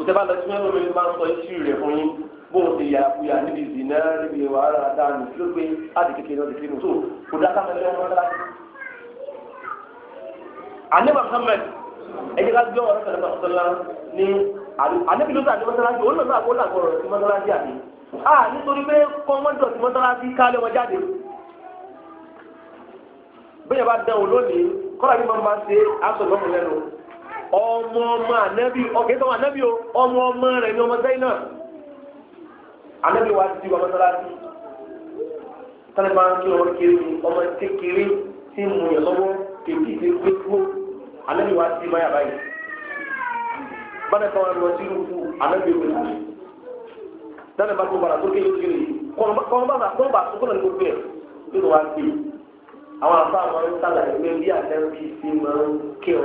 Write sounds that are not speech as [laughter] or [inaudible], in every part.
òtẹ́bá lọ sí mẹ́rin mi máa ń sọ iṣu rẹ̀ fún yín bó o ti yà kuyà níbi ìzìnà níbi wàhálà dànù tí ó gbé láti kékeré náà ti fi nù tó kò dáká mẹ́rin ọmọ náà láti. àníbà Muhammad ẹ̀jẹ̀ ká gbé ọ̀rọ̀ sọ̀rọ̀ sọ̀rọ̀ ní àníbi ló sàdé mọ́sálásí òun náà kó làgbọ̀ ọ̀rọ̀ sí mọ́sálásí àti à nítorí pé kọ́mọ́dọ̀ sí mọ́sálásí kálẹ̀ wọn jáde bẹ́ẹ̀ bá dán òun lónìí kọ́lá ọmọ ọmọ ànábì ọkẹ́ tó o ọmọ ọmọ rẹ̀ ní ọmọ sẹ́yìn náà wa ti wà mọ́sálásí tani máa kí ọmọ ọmọ kékeré tí mu yẹn lọ́wọ́ kékeré wa ti máa sí ìlú tó kékeré tó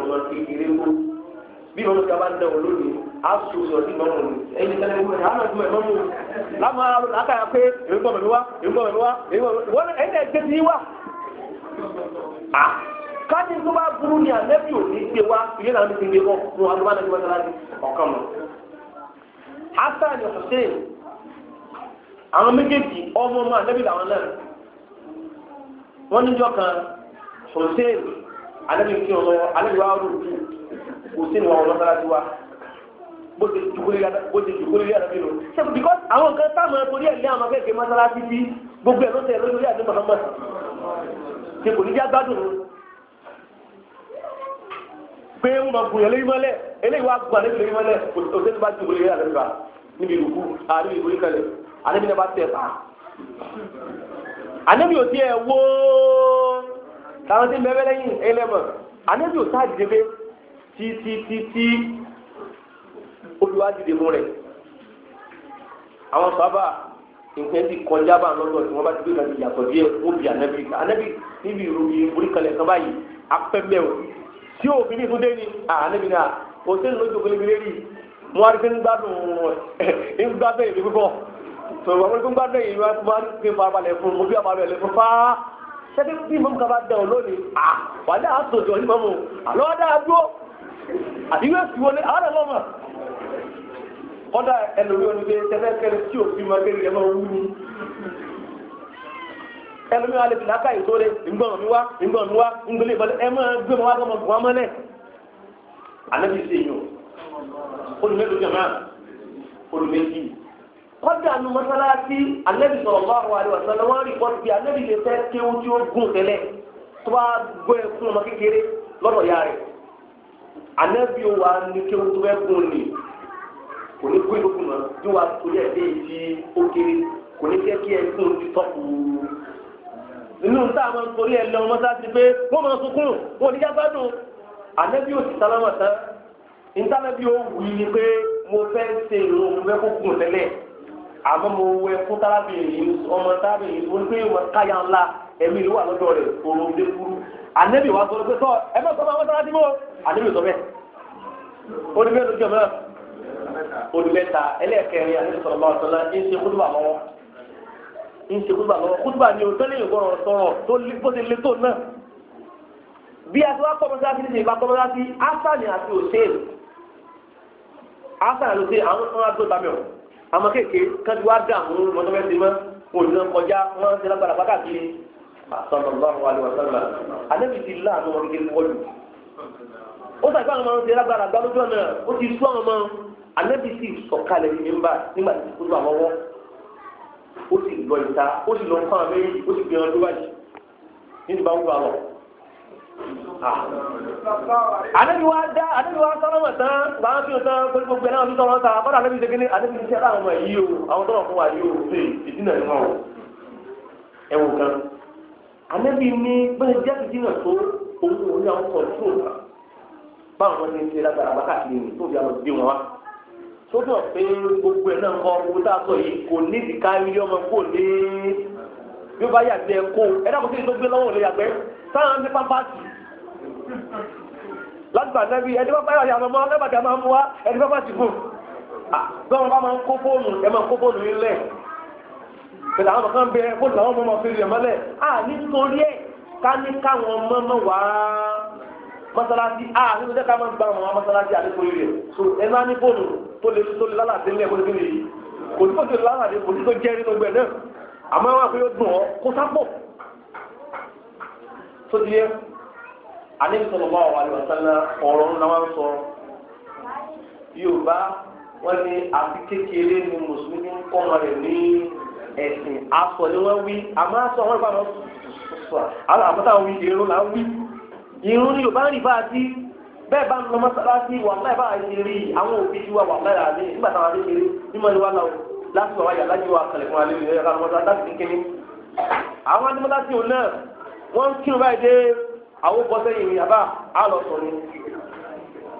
ọmọ kékeré bí wọn kaba ń dẹ lónìí a sọ sọ sí mọ́mọ́ mi ẹyin tẹ́lẹ̀ wọn náà lọ́dún ẹ̀ mọ́mọ́ mi lámà àkàyà pé èmi wá èmi wá èmi wá ti wá. tó bá burú ni ò ní gbé wá ìyẹn náà ti gbé wọn wa bá ọ̀kan mọ́. asa ni àwọn méjèèjì ọmọ ọmọ làwọn náà kan kò sí ìwà wọn lọ́sára tí wa bó ti jùkúrí yàrá bí lò ṣe because àwọn nǹkan táwọn torí ẹ̀ lé àwọn akẹ́kẹ́ mọ́sálásí sí gbogbo ẹ̀ ló lórí àti Muhammad ṣe kò ní já gbádùn pé ń mọ gùn eléyìí mọ́lẹ̀ eléyìí wá gùn àlébi eléyìí mọ́lẹ̀ kò sí bá jùkúrí yàrá bí wa níbi ìlúkú àlébi ìlú ìkẹlẹ̀ àlébi náà bá tẹ̀ pa àlébi ò tiẹ̀ wó táwọn tí mẹ́rẹ́ lẹ́yìn ẹlẹ́mọ̀ àlébi ò sáà títítítí olùwádìí mú rẹ̀ àwọn sábà nǹkan ti kọjá bá lọ́dọ̀ tí wọ́n bá ti gbé ìgbàgbé yàtọ̀ díẹ̀ wọ́n bí ànábì ànábì níbi ìròyìn oríkalẹ̀ kan báyìí apẹ́mẹ́ o tí òfin ní ìtúndé ni ànábì náà òṣèlú lójú òfin níbi lérí mo wá rí pé ń gbádùn ń gbádùn èmi púpọ̀ sọ̀rọ̀ wọn tó [laughs] ń gbádùn èyí wá wá pé farabalẹ̀ fún mo bí àbálẹ̀ lẹ́fún fáá ṣẹ́dẹ́ bí mọ́mú kaba dẹ̀ ọ́ lónìí à wàdà àtòjọ́ ní mọ́mú àlọ́ àdíwẹ̀ sí wọlé ààrẹ lọ́mọ̀ kọ́dà ẹlòmí onígbé tẹ́lẹ̀kẹ́lẹ̀ tí ò sí mọ́gẹ́rì ẹmọ wú ni ẹlòmí alẹ́ fi lákàyè tó lé ìgbọ̀n mi wá ẹmọ gbé wọn wá gbọmọ wọn mọ́lẹ̀ alẹ́bí ṣe yàn olùmẹ́lú jẹ̀mọ́ olùmẹ́jì kọ́dà nu mọ́sálásí alẹ́bí sọ̀rọ̀ bá wà lẹ́wà rí anabi wa ni kéwù tó bẹ kún ni kò ní kún ìlúkùn náà yóò wá torí ẹ̀ léyìí tí ó kéré kò ní kẹ́ kí ẹ kún ti tọ́kù inú tá a máa ń torí ẹ lọ wọn sá ti pé wọn máa sunkún wọn ò ní jágbádùn anabi ò sì sálámà tán ntànàbí ò wù í ni pé mo fẹ́ ṣe ìrún mo fẹ́ kó kún tẹ́lẹ̀ àmọ́ mo wẹ fún tábìlì ọmọ tábìlì mo pé wọn káyà ńlá ẹ̀mí ló wà lọ́dọ̀ rẹ̀ òun lé kúrú ànẹ́bì wa sọ pé sọ ẹ mọ̀ sọ́mọ́ àwọn sáradì mọ́ ànẹ́bì sọ bẹ́ẹ̀ ó ní bẹ́ẹ̀ lójọ́ mẹ́rin ó ní mẹ́ta ẹlẹ́ẹ̀kẹrin ànẹ́bì sọ̀rọ̀ bá ọ̀sán náà ń ṣe kúdùbà lọ́wọ́ ń ṣe kúdùbà lọ́wọ́ kúdùbà ni òótọ́ lè gbọ́rọ̀ sọ̀rọ̀ tó bó ti le tó náà bí a ti wá kọ́ mọ́sáàsì ní ìgbà kọ́ mọ́sáàsì ásàní àti òṣèlú ásàní àti òṣèlú àwọn ọmọ àgbẹ̀ bàmí ọ̀ àmọ́ kéèké kájú wá dààmú mọ́tọ́mẹ́sì mọ́ òṣèlú kọjá wọ́n ti lágbára pàtàkì sallallahu alaihi wasallam alẹ́bi ti láàánú wọn kékeré wọ́lù ó sàgbà àwọn ọmọ ọdún lágbára gbà lójú ọ̀nà ó ti sú àwọn ọmọ alẹ́bi sì sọ̀kalẹ̀ ní mímbà nígbà tí kó tó àwọ̀wọ́ ó sì lọ ìta ó sì lọ fún àwọn méjì ó sì gbé wọn lówàjì nínú bá ń gbà wọn. Ànábì wa dá ànábì wa sọ̀rọ̀ mọ̀ tán báwọn fi hàn tán pẹ̀lú gbogbo ẹ̀rọ ọdún sọ̀rọ̀ tán àbọ̀dọ̀ ànábì ṣe kíní ànábì ṣe láwọn ọmọ yìí o àwọn tọ̀rọ̀ fún wa yìí o ṣe ìdínà ìwọ̀n ẹ̀wọ̀n kan ànábì ní bẹ́ẹ̀ jáde dínà tó òun òun náà ń kọ̀ọ̀tún náà báwọn wọn ti ń ṣe lágbára wákàtí ni tó fi àwọn gbé wọn wá tó bọ̀ pé gbogbo ẹ̀ náà ń kọ́ owó tá a sọ yìí kò ní ìdíkà ilé ọmọ kò ní bí ó bá yàgbẹ́ kó ẹ dákun sí ìdógbé lọ́wọ́ òun yàgbẹ́ sáwọn ní pápá sí lágbà nẹ́bí ẹni pápá yà yà mọ́ ẹni pápá máa mú wá ẹni pápá ti fún un gbọ́n bá máa ń kó fóònù ẹ máa ń kó fóònù yín lẹ́ẹ̀ pẹ̀lú àwọn kan bẹ kó làwọn ọmọ máa fi rìn mọ́lẹ̀ à nítorí ẹ̀ ká ní káwọn ọmọ mọ̀ wá mọ́sálásí à nínú jẹ́ ká máa gba àwọn mọ́sálásí àdékòrí rẹ̀ so ẹ máa ní fóònù tó lè tó lè lálàdé ńlẹ̀ kó lè kéde yìí kò tí kò tí lálàdé kò tí tó jẹ́ nínú gbẹ̀ náà àmọ́ wọn àpéyọ dùn ọ́ kó sápọ̀ tó di yẹ àníbi sọ̀rọ̀ bá wà lọ ọ̀rọ̀ ńlá wọn sọ Yorùbá wọn ni àti kékeré ni mùsùlùmí ń kọ́ wọn rẹ̀ ní ẹ̀sìn aṣọ ni wi, wí àmọ́ aṣọ wọn bá wọn sọ àwọn àbúrò àwọn irun là wí irun ni yorùbá rí bá a ti bẹ́ẹ̀ bá ń lọ mọ́sálásí wà láì bá a rí àwọn òbí ti wà wà láì àlè nígbà táwọn àlè kéré nímọ̀ ni wà láti láti wà àwọn òun náà wọ́n báyìí dé àwọn ni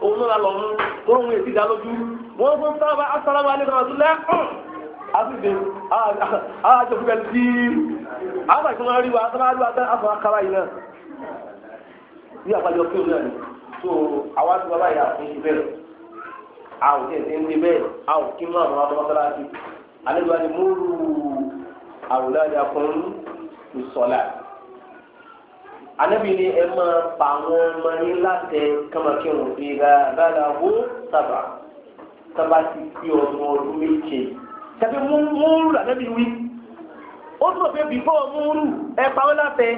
òun náà lọ mú àtúndé àjọ fún ẹni tí àwọn ìfúnná rí wa àtúnná rí wa tán àfọwọ́ akára yìí náà ní àbájọ fún òun náà ni so àwọn àti bàbá yìí àfún ṣe bẹ́ẹ̀ a ò tẹ̀ ṣe ń ṣe bẹ́ẹ̀ a ò kí mú àwọn ọmọ mọ́sálásí àlejò àti múlù àwòlálẹ̀ akọrin ìsọ̀lá anabi ni ẹ máa pa àwọn ọmọ yín láti kama kí wọn fi ra bàlá wó sábà sábà ti fi ọmọ ọdún méje tàbí múrù lànàbí wí ó tún pé bífọ́ múrù ẹ pa ọ́ láfẹ́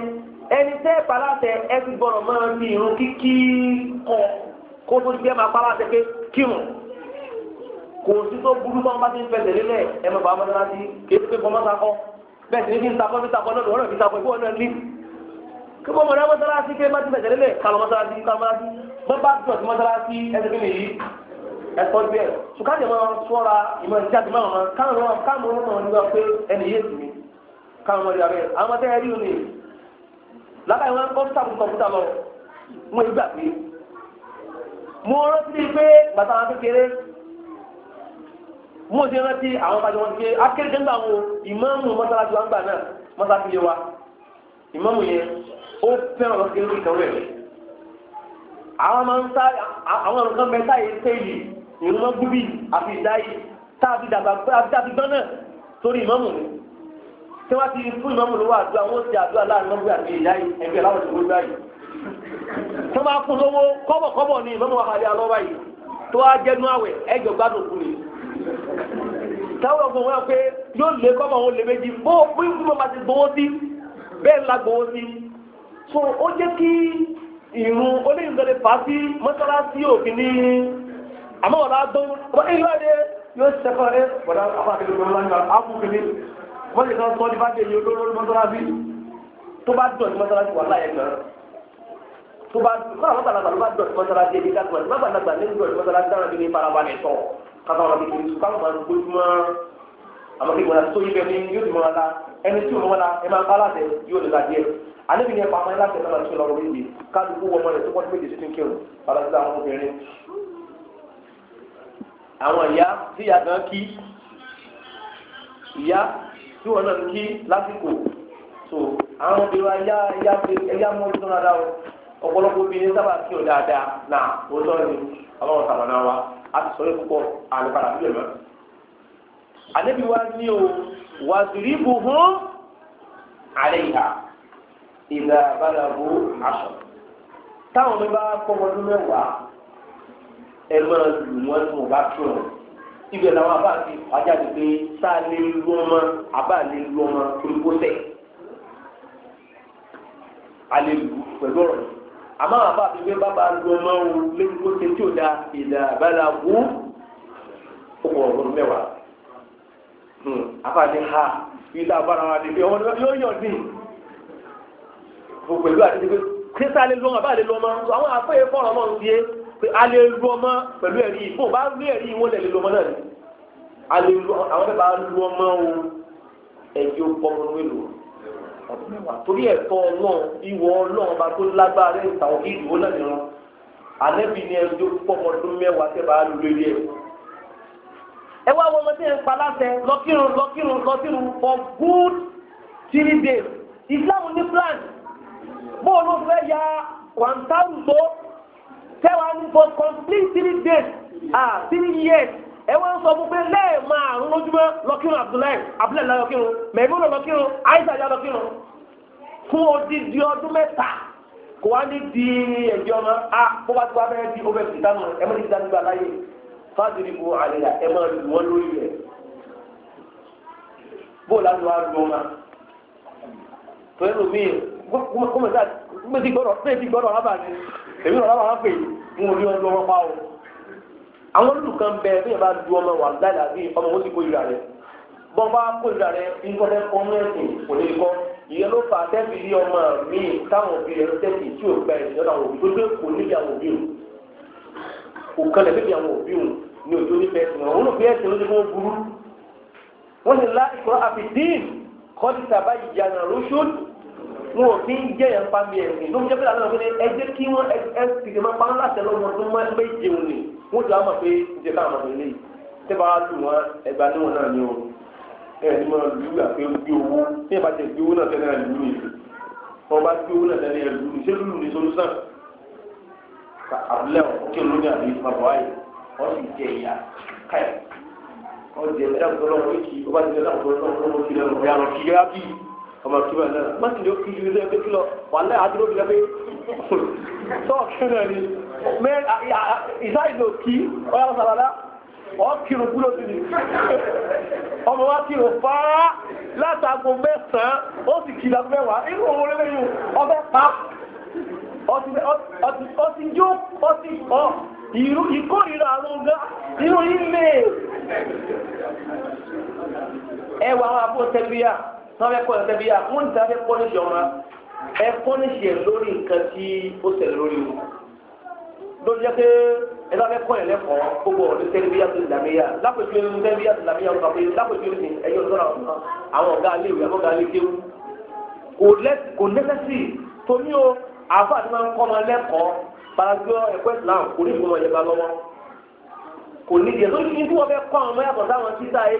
ẹni tẹ́ ẹ pa láfẹ́ ẹ ti gbọ́dọ̀ máa fi irun kíkí kọ kó tó gbé máa pa láfẹ́ pé kírun kò sí tó burú bá wọn bá ti ń fẹsẹ̀ lélẹ̀ ẹ mọ̀ bá wọn lọ́la sí kéé pé bọ́ mọ́ta kọ́ bẹ́ẹ̀ sì ní kí n sakọ́ fi sakọ́ lọ́dọ̀ ọ̀rọ̀ fi sakọ́ ìfowó náà ní. kí wọ́n mọ̀ mọ́sálásí pé bá ẹ̀kọ́ gbé ẹ̀ sùkàdé máa ń sọ́ra ìmọ̀ ìjáde máa ma káwọn ọmọ káwọn ọmọ wọn nígbà pé ẹni yé tù mí káwọn ọmọ yàrá ẹ̀ àwọn tẹ́ ẹ rí òní lábàá ìwọ̀n kọ́mpútà mú kọ́mpútà lọ mú ìgbà pé mo rántí pé bàtà wọn kékeré mo ti rántí àwọn bàjẹ́ wọn kékeré akérédé ńgbà wo ìmáàmù mọ́sálásí wa ńgbà náà mọ́sálásí lé wa ìmáàmù yẹn ó fẹ́ràn lọ́sí kékeré ìtàn rẹ̀ àwọn máa ń sá àwọn nǹkan mẹ́ta yìí sẹ́yìn ìrúnmọ́ gúbí àfi ìdáyì táàbí dàgbà àbídàbí gbọ́n náà torí ìmọ̀mù ni tí wọ́n ti fún ìmọ̀mù lówó àdúrà wọ́n ti àdúrà láàrin mọ́gbé àti ìdáyì ẹgbẹ́ láwọn ti gbógbá yìí tó máa kún lówó kọ́bọ̀kọ́bọ̀ ni ìmọ̀mù àmàlí alọ́wà yìí tó wá jẹ́nu àwẹ̀ ẹjọ́ gbádùn kù ni táwọn ọgbọ̀n wọn pé yóò lé kọ́bọ̀ wọn lè méjì bó bó bá ti gbowó sí bẹ́ẹ̀ la gbowó sí so ó jẹ́ kí ìrùn olóyìnbó lè fà á sí mọ́sálásí òfin ní àmọ́ wọ́n lágbọ́n wọ́n ní ìlọ́dẹ yóò ṣẹ́kọ̀ rẹ̀ wọ́n lágbọ́n àti ìlú ọlọ́run àbúkìní wọ́n lè sọ sọ́ọ́ ní bá dé yóò lóró mọ́tọ́lábí tó bá dọ̀ ní mọ́tọ́lábí wà láyé gan tó bá kọ́ àwọn bàlàbà ló bá dọ̀ ní mọ́tọ́lábí ẹni ká gbọ́n bá bàlàbà ní dọ̀ ní mọ́tọ́lábí dára bí ní farabalẹ̀ sọ káfà wọn bí kiri káfà wọn gbójúmọ́ àwọn kí wọn sóyún bẹ́ẹ̀ ni yóò dùn wọn la ẹni tí òun wọn la ẹ máa bá láti yóò lè la díẹ̀ alebi ni ẹ pa ọmọ ẹ láti ẹ náà lọ sí lọrọ wíìlì káàdùkú wọn mọ rẹ tó kọ́ àwọn ìyá tí ìyá kan kí ìyá tí wọn náà kí lásìkò so àwọn obìnrin wa ẹyá ẹyá ẹyá mọ ojú náà dáwọ ọ̀pọ̀lọpọ̀ obìnrin sábà kí ọ dáadáa náà òótọ́ ni ọlọ́run sàmọ̀nà wa a ti sọ̀rọ̀ púpọ̀ àlùkàrà sílẹ̀ mọ́. àlébi wa ní o wà zùrí bu hún àlẹ́ ìhà ìgbà bàdàbò aṣọ táwọn mi bá kọ́ ọdún mẹ́wàá ẹ máa lù wọ́n ní wọ́n bá tù wọ́n ibẹ̀ làwọn abá ti wájà ti pé tá a lè lu ọmọ abá lè lu ọmọ olùkó tẹ̀ a lè lu pẹ̀lú ọ̀rọ̀ àmọ́ àbá mi pé bàbá lu ọmọ o lórí kó ṣe tí ò da ìdá àbálà wú ọkọ̀ ọ̀rọ̀ mẹ́wàá hmm, àbá ní ha ìdá àbára wa ni pé ọmọ yóò yọ̀ ní pẹ̀lú àti pé kí sáré lu ọmọ abá lè lu ọmọ àwọn àfẹ́yẹ fọ́ọ̀rọ̀ náà ń di é pé a lè lu ọmọ pẹ̀lú ẹ̀rí yìí fún bá rí ẹ̀rí yìí wọ́n lè lu ọmọ náà ni a lè lu àwọn bẹ́ẹ̀ bá lu ọmọ o ẹ̀jẹ̀ ọmọ ní ìlú ọdún mẹ́wàá torí ẹ̀tọ́ ọlọ́run ìwọ ọlọ́run bá tó lágbára ẹ̀ tàwọn kí ìdìbò náà nìran àlẹ́bí ni ẹjọ́ pọ́mọ ọdún mẹ́wàá tẹ́ bá lu lórí ẹ̀ ẹ wá wọ́n ọmọdé ń pa láṣẹ lọ́kírun lọ́kírun lọ́kírun for good three days Islam ní plan bóòlù fẹ́ ya kwantaru tó tẹ́wàá ní for complete three days ah three years ẹ wá ń sọ fún pé lẹ́ẹ̀ma àrùn lójúmọ́ lọ́kírun abdullahi abdullahi lọ́kírun mẹ̀múnà lọ́kírun aisha lọ́kírun fún odidi ọdún mẹ́ta kò wá ní di ẹ̀jẹ̀ ọmọ a kó wá tó wá bẹ́ẹ̀ di ọbẹ̀ fìdá nù ẹ mọ̀ ní fìdá nígbà láyé fáàdìrí bu àlè là ẹ mọ̀ ní wọ́n lórí rẹ̀ bó láti wá lu ọmọ pẹ̀lú mi gbọ́dọ̀ gbọ́dọ̀ rábà ni èmi ọ̀rọ̀ àwọn pè ń wọlé ọdún ọmọ pa o àwọn olùkọ́ ń bẹ bí ìbá du ọmọ wà gbàdá bí ọmọ wọn ti kó ìlà rẹ bọ́n bá kó ìlà rẹ nkọ́lẹ́ ọmọ ẹ̀sìn kò lè kọ́ ìyẹn ló fà tẹ́bi rí ọmọ mi táwọn òbí rẹ tẹ́bi tí ò gba ẹ̀sìn ọ̀dà òbí tó dé kò níbi àwọn òbí òun kò kalẹ̀ níbi àwọn òbí òun ní òjò nípa ẹ̀sìn wọn olùkọ́ ẹ̀sìn ló ti kó burú wọ́n ti lá ìkọ́ àfìdín kọ́ wọn ò fi ń jẹ́ yẹn pa mi ẹ̀sìn ló ń jẹ́ pé àwọn ọ̀gbìn ẹ jẹ́ kí wọ́n ẹ tètè máa paná láti ẹlọ́ wọn tó máa ń méje òní wọ́n ti wá mọ̀ pé ìjẹ́ ká àwọn ọ̀gbìn tẹ́ bá wá tù wọ́n ẹgbà níwọ̀n náà ni o ẹ ní mọ̀ lù àpé gbé owó tí ẹ bá tẹ gbé owó náà tẹ́lẹ̀ lù ní wọn bá gbé owó náà tẹ́lẹ̀ lù ní ṣé lù ní solúsàn àbúlẹ̀ kí ló ní àbí bàbá wáyé wọ́n ọmọ kí wọn náà má sì ló kí ju ilé ẹgbẹ́ kí lọ wà láì àdúró bí lẹ́gbẹ́ sọ́ọ̀kì náà ni mẹ ìṣá ìlò kí ọ̀yà sàlàlá ọ̀kìrù kúló sí ni ọmọ wa kìrù fáá látàgò mẹ́sàn-án ó sì kì lọ mẹ́wàá inú òun lé yìí ọbẹ̀ pa ọtí jó ọtí ọ ìrú ìkórìíra àwọn ọgá inú ilé ẹwà àwọn àbúrò tẹlifíà wọ́n fẹ́ kọ́ ẹ̀kẹ́ bí i àwọn ìta fẹ́ kọ́ níṣẹ́ ọmọ ẹ kọ́ níṣẹ́ lórí nǹkan tí ó tẹ̀lé lórí o lórí jẹ́ pé ẹ bá fẹ́ kọ́ ẹ̀ lẹ́kọ̀ọ́ gbogbo ọ̀dọ́ tẹ́lẹ̀ bí yàtọ̀ ìlàmíyà lápẹ̀jú ẹni tẹ́lẹ̀ bí yàtọ̀ ìlàmíyà ọ̀gá pé lápẹ̀jú ẹni ẹ̀yọ́ sọ́ra àwọn ọ̀gá alẹ́ ìwé àwọn ọ̀gá alẹ́ kéwù kò lẹ́sẹ̀sì torí o àfa àti máa ń kọ́ ọmọ lẹ́kọ̀ọ́ gbàgbọ́ ẹ̀kọ́ Islam kò ní ìgbìmọ̀ ìjọba lọ́wọ́ kò ní ìjẹ́ tó ní kí wọ́n fẹ́ kọ́ àwọn ọmọ yàtọ̀ sáwọn títà ẹ̀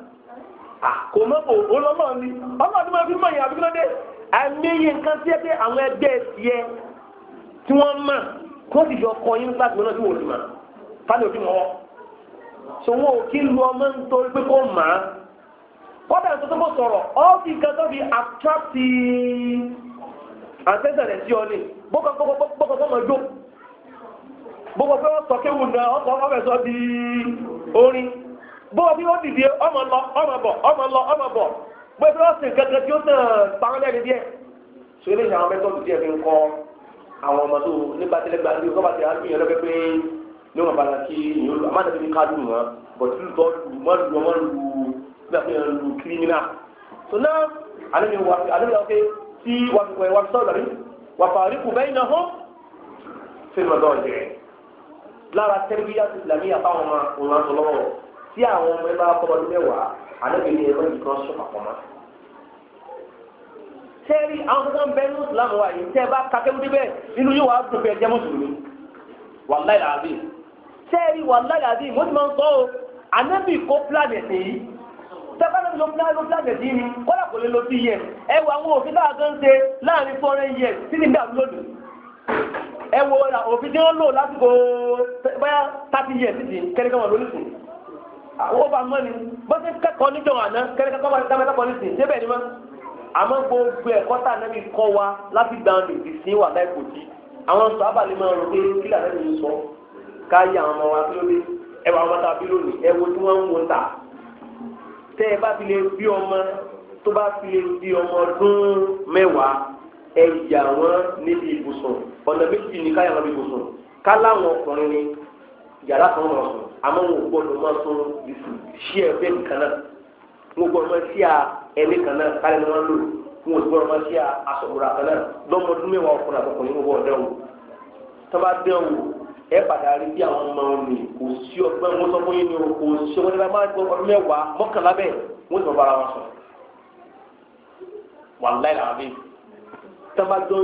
kò mọ òbó ni ọmọ ọdún máa fi mọ ìyàwó kí ló dé àìmọye nǹkan tí ẹ pé àwọn ẹgbẹ́ tiẹ tí wọ́n mọ̀ kó sì yọ ọkọ yín nípa ti wọn. so wọn ò kí lu ọmọ nítorí pé kọ́dà tó tó kan tó fi sọ bọ́ọ̀ bí wọ́n dìde ọmọ lọ ọmọ bọ̀ ọmọ lọ ọmọ bọ̀ gbogbo ọ̀sìn kankan tí ó tàn pàrọ̀ lẹ́nu díẹ̀ sori ní àwọn mẹ́tọ́ọ̀tù díẹ̀ fi ni kọ́ àwọn ọmọ tó nípa tẹ́lẹ̀gbà ní ọkọ̀ bàtẹ́ àdúgbò yẹn lọ́pẹ́ pé ní wọn bàtà kí ìyẹn lu àmàlà bíi káàdù mọ́ bọ̀tú tọ́ lu mọ́ lu ọmọ lu bí wọ́n fi hàn lu kírímínà tó náà alẹ́ wà pé tí wà fi wà fi sọ̀rọ̀ rí wà fàárí kù bẹ́ẹ̀ náà tí àwọn ọmọ ẹ bá kọ́ ọdún mẹ́wàá àlẹ́bìnrin ẹ̀ mọ́jú kan sọ pàpọ̀ mọ́. sẹ́ẹ̀rì àwọn kankan bẹ́ẹ̀ ní ìsìlámù wa yìí tẹ́ ẹ bá kakẹ́ wúdí bẹ́ẹ̀ nínú yóò wá dùn bẹ́ẹ̀ jẹ́ mùsùlùmí wàláì làbí. sẹ́ẹ̀rì wàláì làbí mo ti máa ń sọ o àlẹ́bì kó pílánì ẹ̀sìn yìí tẹ́fẹ́ ló ló pílánì ẹ̀sìn yìí kọ́lá kò lè lo sí yẹn ẹ wo àwọn òfin náà tó ń ṣe láàrin fọ́ọ̀rẹ́ yẹn sí ní ìdá lónìí ẹ wo òfin tí wọ́n lò lásìkò báyà thirty years sí kẹ́lẹ́kẹ́ wọn lónìí àwọn ọba mọ́ ni bó ṣe kẹ́kọ̀ọ́ níjọ àná kẹ́lẹ́ kẹ́kọ̀ọ́ máa dábẹ́ lọ́kọ̀ọ́ nísìnyí débẹ̀ ni mọ́ àmọ́ gbogbo ẹ̀kọ́ tá àná mi kọ́ wa láti gba àwọn sí wà láì kò jí àwọn sọ abàlẹ́ máa rò pé kí làná mi sọ káyé àwọn ọmọ wa kí ló dé ẹ wà wọn tàbí lónìí ẹ wo tí wọ́n ń wo ta tẹ́ ẹ bá fi lè bí ọmọ tó bá fi lè bí ọmọ ọdún mẹ́wàá ẹ yà wọ́n níbi ibùsùn ọ̀nà méjì ní káyà wọn bí ibùsùn ká láwọn ọkùnrin ni yàrá kan wọ̀ sùn àmọ́ wọn ò gbọ́dọ̀ máa tún ṣí ẹ fẹ́ nìkan náà wọn ò gbọ́dọ̀ máa ṣí à ẹni kan náà kálí ni wọ́n lò wọn ò gbọ́dọ̀ máa ṣí à aṣọ̀gbọ̀rọ̀ kan náà lọ́mọdún mẹ́wàá ọkùnrin àtọkùnrin wọn bọ̀ dẹ́wò tó bá dẹ́wò ẹ padà rí bí àwọn ọmọ wọn ni kò sí ọgbọ́n wọn sọ fún yín ni o kò sí ọgbọ́n nípa máa gbọ́ ọdún mẹ́wàá mọ́kànlá bẹ́ẹ̀ wọ́n sọ bára wọn sọ wàláì làwọn bí tó bá dọ́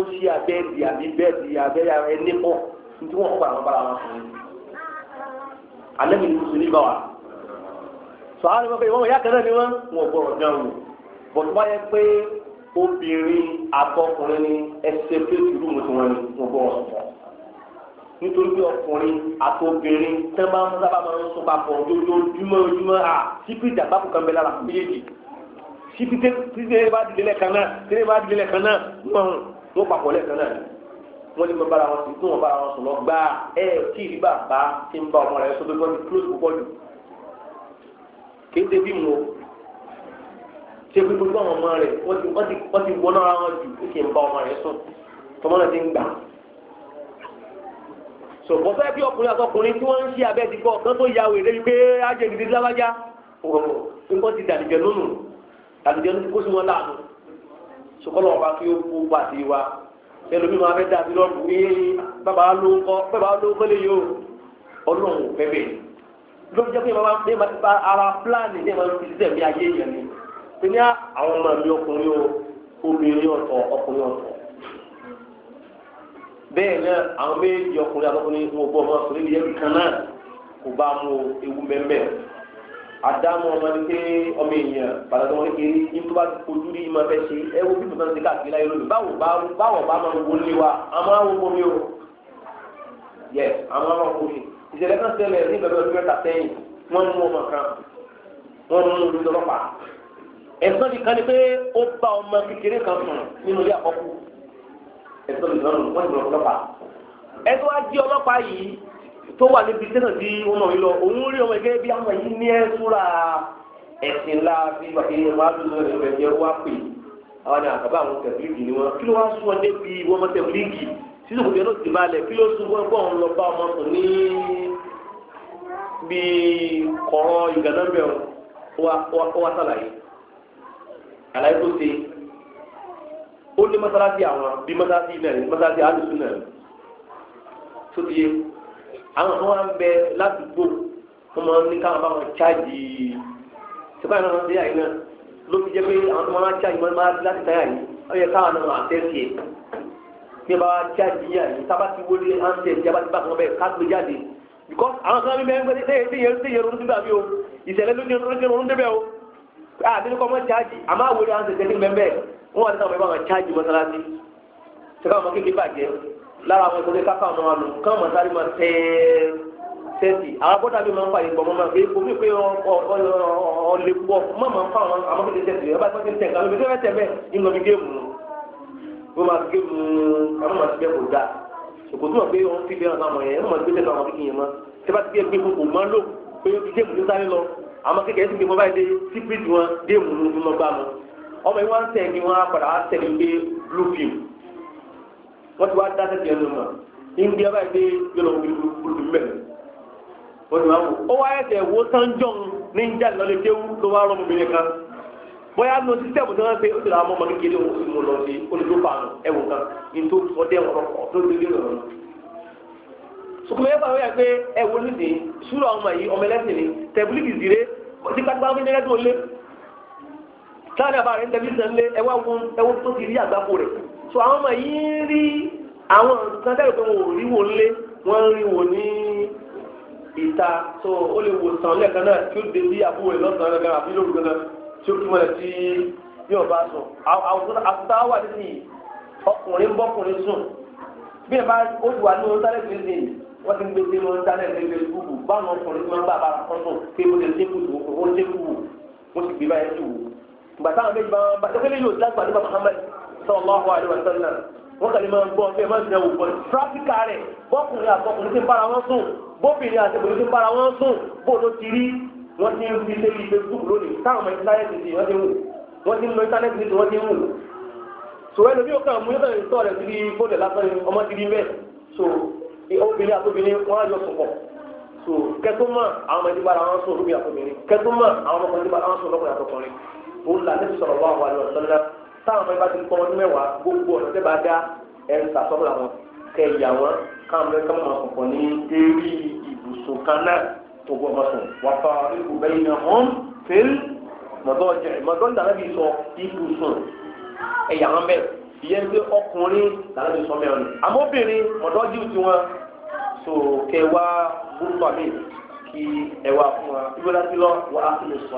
wọn kọ́ àwọn bára wọn sọ alẹ́ mi ni mùsùlùmí bá wa sọ̀hánì wọn pé ìwọ́n ìyá kẹrẹ́ ni wọ́n wọ́n gbọ́dọ̀ dán wò bọ̀dọ̀ bá yẹ pé obìnrin àtọkùnrin ni ẹsẹ̀ pé tìlú mo ti wọn ni wọ́n gbọ́dọ̀ sọ̀tọ̀ nítorí pé ọkùnrin àtobìnrin tẹ́ bá ń sábà máa ń sọ papọ̀ ojoojúmọ́ ojúmọ́ à sípìtì àbákù kan bẹ lára méjèèjì sípìtì tí tẹ́lẹ̀ bá dìde lẹ́ẹ̀kan náà tẹ́lẹ̀ bá dìde lẹ́ẹ̀kan náà wọ́n papọ̀ lẹ́ẹ̀kan náà wọ́n ní mo bára wọn sùn tó wọn bára wọn sùn lọ gbáà ẹ tí ì rí bàbá tí ń bá ọmọ rẹ̀ sọ pé kọ́ ni close púpọ̀ jù kéde bí mo ṣe pé gbogbo àwọn ọmọ rẹ̀ wọ́n ti wọ́n ti wọ́n nára wọn jù ó sì ń bá ọmọ rẹ̀ sùn tọmọ náà ti ń gbà. sọ̀bọ̀ fẹ́ bí ọkùnrin àtọkùnrin tí wọ́n ń ṣe abẹ́ ti bọ̀ kán tó ya wèrè wípé ajẹ́gidi lábájá nǹkan ti dàlùjẹ́ lónìí dàlùjẹ́ lónìí kó sì wọ́n láàánú sọkọ́lọ́ ọba kí ó kú pàṣẹ wa ẹlòmíì máa fẹ́ dà sí lọ́rùn pé bàbá ló ń kọ́ bàbá ló ń kọ́ lè yó ọlọ́run pẹ́pẹ́ lórí jẹ́ pé bàbá ní bá ara pílánì ní ìmọ̀ràn ti sẹ̀mí ayé yẹn ni pé ní àwọn ọmọ mi ọkùnrin o obìnrin ọ̀tọ̀ ọkùnrin ọ̀tọ̀ bẹ́ẹ̀ náà àwọn méjì ọkùnrin àtọkùnrin wọn bọ̀ ọmọ ọkùnrin yẹn kan náà kò bá mú ewu mẹ́mẹ́ àdámọ̀ ọmọ ní pé ọmọ èèyàn bàtàtà wọn kékeré ní tó bá ti kojú rí ìmọ̀ fẹ́ ṣe ẹ wo bí bàtà ti káàkiri láyé lónìí báwo bá báwo bá máa wo lé wa a máa wo bomi o yẹ a máa wo bomi ìṣẹ̀lẹ̀ kan ṣẹlẹ̀ ní bẹ̀rẹ̀ ọdún mẹ́ta sẹ́yìn wọ́n mú ọmọ kan wọ́n mú olú lọ́pàá ẹ̀sán ti kan ni pé ó bá ọmọ kékeré kan sùn nínú ilé àkọ́kù ẹ̀sán ti kan ni wọ́n mú ọlọ́pàá ẹ̀sán wá di ọlọ́pàá yìí tó wà níbi tẹ́sán tí wọ́n mọ̀ yín lọ òun rí ọmọ ẹgbẹ́ bí àwọn yìí ní ẹ́sùrà ẹ̀sìn ńlá bí wàá kéde wàá dùn lórí ẹgbẹ́ jẹ́ wá pè àwọn ni àkàbà àwọn tẹ̀blíìgì ni wọn kí ló wá sún ọ débi wọn mọ tẹ̀blíìgì sísè kò tẹ̀ ló ti balẹ̀ kí ló sún wọn bọ́ ọ̀hún lọ bá ọmọ sùn ní bí kọ̀rọ̀ ìgànnàbẹ̀ ó wá sàlàyé àlàyé tó ṣe ó lé mọ́sálásí àwọn bí mọ́sálásí náà mọ́sálásí àlùsùn náà tó ti yé àwọn kan wá ń bẹ ládùúgbò wọn máa ń ní káwọn bá wọn chájì sípò àwọn ọmọdé àyè náà ló fi jẹ́ pé àwọn tó máa ń chájì wọn máa láti táyà yìí ó yẹ káwọn náà àtẹ́sì ẹ̀ bí wọn bá wá chájì yà yìí tábà ti wọlé àǹtẹ̀ ìjábá ti bá kan bẹ́ẹ̀ ká gbé jáde because àwọn kan bíbẹ́ ń gbé téyẹ̀ ronú síbẹ̀ àbí o ìṣẹ̀lẹ̀ ló ní ronú débẹ̀ o àbí kọ́ mọ́ lára àwọn ìkọlé káká ọmọ wa lò kán mọ̀ sáré máa tẹ́ tẹ́sì àwọn abọ́dà mi máa ń fàyè pọ̀ mọ́ máa fi omi pé ọ̀lẹ̀ pọ̀ mọ́ máa ń fa àwọn amọ́kẹ́lẹ́ tẹ̀sì rẹ̀ bá ti tẹ̀ nǹkan lóbi tẹ́lẹ̀ tẹ̀lẹ̀ nínú ibi géèmù ló máa fi géèmù àwọn máa ti bẹ́ẹ̀ kò dáa òkòtò wọn pé wọn fi bẹ́ẹ̀ ọ̀nà àmọ̀ yẹn wọn máa gbé tẹ̀sán àwọn kékeré mọ́ tí bá ti gbé gbé kò mọ́ lò pé ó ti géèmù ló sáré lọ àwọn kékeré sì gbé mọ́ báyìí dé sípírìtì wọn géèmù ló fi mọ́ gbá mọ́ ọmọ yìí wọ́n ń tẹ̀ ní wọ́n á padà á tẹ̀lé gbé blue film wọ́n ti wá dá sẹ́kẹ̀ ẹnu mọ̀ ní bí a bá gbé yọ̀lọ̀ wọ́n ti máa wò ó wá ẹ̀sẹ̀ wo sánjọ́ ní ń jáde lọ́lẹ̀ kéwú tó wá rọ́mù mìíràn kan bóyá lọ sí sẹ́ẹ̀mù tí wọ́n ṣe ó sì ra ọmọ kékeré òun sì mú lọ sí olùdókòwò ẹ̀wò kan ní tó sọ dé wọn lọ́kọ̀ tó ti lé lọ́rọ̀ ẹ̀fọ́ àwọn yà pé ẹ̀wò nídìí ṣúra ọmọ yìí ọmọ ẹlẹ́sìn ni tẹ̀bílì táwọn àbá rẹ̀ ń tẹ̀lé sẹ́lé ẹwà wọn ẹwọ́ tó ti rí àgbákò rẹ̀ so àwọn ọmọ yìí ń rí àwọn nǹkan tẹ́lẹ̀ pé wọn ò rí wò lé wọ́n ń rí wò ní ìta so ó lè wò sàn lẹ́ẹ̀kan náà tí ó dé bí àbúrò rẹ̀ lọ́sàn-án lẹ́ẹ̀kan àbí lóru gan-an tí ó kí wọ́n lẹ̀ sí yóò bá sùn àtúntàwà nísìnyí ọkùnrin bọ́kùnrin sùn bí ẹ bá ó ti wà ní orí sálẹ̀ wọ́n ti ń gbé sí gbàtà àwọn méjì bá wọn bá tẹ́kẹ́lẹ́ yóò dá gbàdúrà Muhammad sallallahu alaihi wa sallam wọ́n kàlí máa ń gbọ́ ọ̀fẹ́ máa ń sinà òkùnkùn tíráfíkà rẹ̀ bọ́kùnrin àtọkùnrin ti ń bára wọn sùn bóbìnrin àtẹkùnrin ti ń bára wọn sùn bó ló ti rí wọ́n ti ń fi ṣe bí Facebook lónìí táwọn ọmọ ìntánẹ́ẹ̀tì ti wọ́n ti wù wọ́n ti ń lo ìntánẹ́ẹ̀tì ti wọ́n ti wù. sọ ẹnu bí ọkàn mú yọkàn ìtọ́ rẹ̀ síbi fóònù lásán ọmọ ti rí mẹ́ so obìnrin àtobìnrin wọ́n á jọ sùn pọ̀ so kẹtùmọ̀ àwọn ọmọ ìdíbára wọn sùn lóbi àtobìnrin kẹtùmọ̀ àwọn ọmọ ìdíbára wọn sùn lọ́kùnrin àtọkùnrin òun là ní sọ̀rọ̀ wà wà lọ́sọ̀ náà táwọn ọmọ ìbá ti kọ́ ọdún mẹ́wàá gbogbo ọ̀nà tẹ́ bá dá ẹ̀ ń sàtọ́ làwọn kẹ ìyá wọn káwọn mẹ́ka mọ̀ kọ̀kọ̀ ní dérí ibùsùn kan náà tó gbọ́ ọmọ sùn wà fà ibù bẹ́yìn náà hàn fẹ́l mọ̀dọ́ jẹ mọ̀dọ́ dáná bí sọ ibùsùn ẹ̀yà wọn bẹ́ẹ̀ ìyẹn pé ọkùnrin dáná bí sọ mẹ́rin àmọ́bìnrin mọ̀dọ́ jù tiwọn so kẹwàá bùrùkọ̀ mi kí ẹwà fún wa ibùdó láti lọ wà á fi lè sọ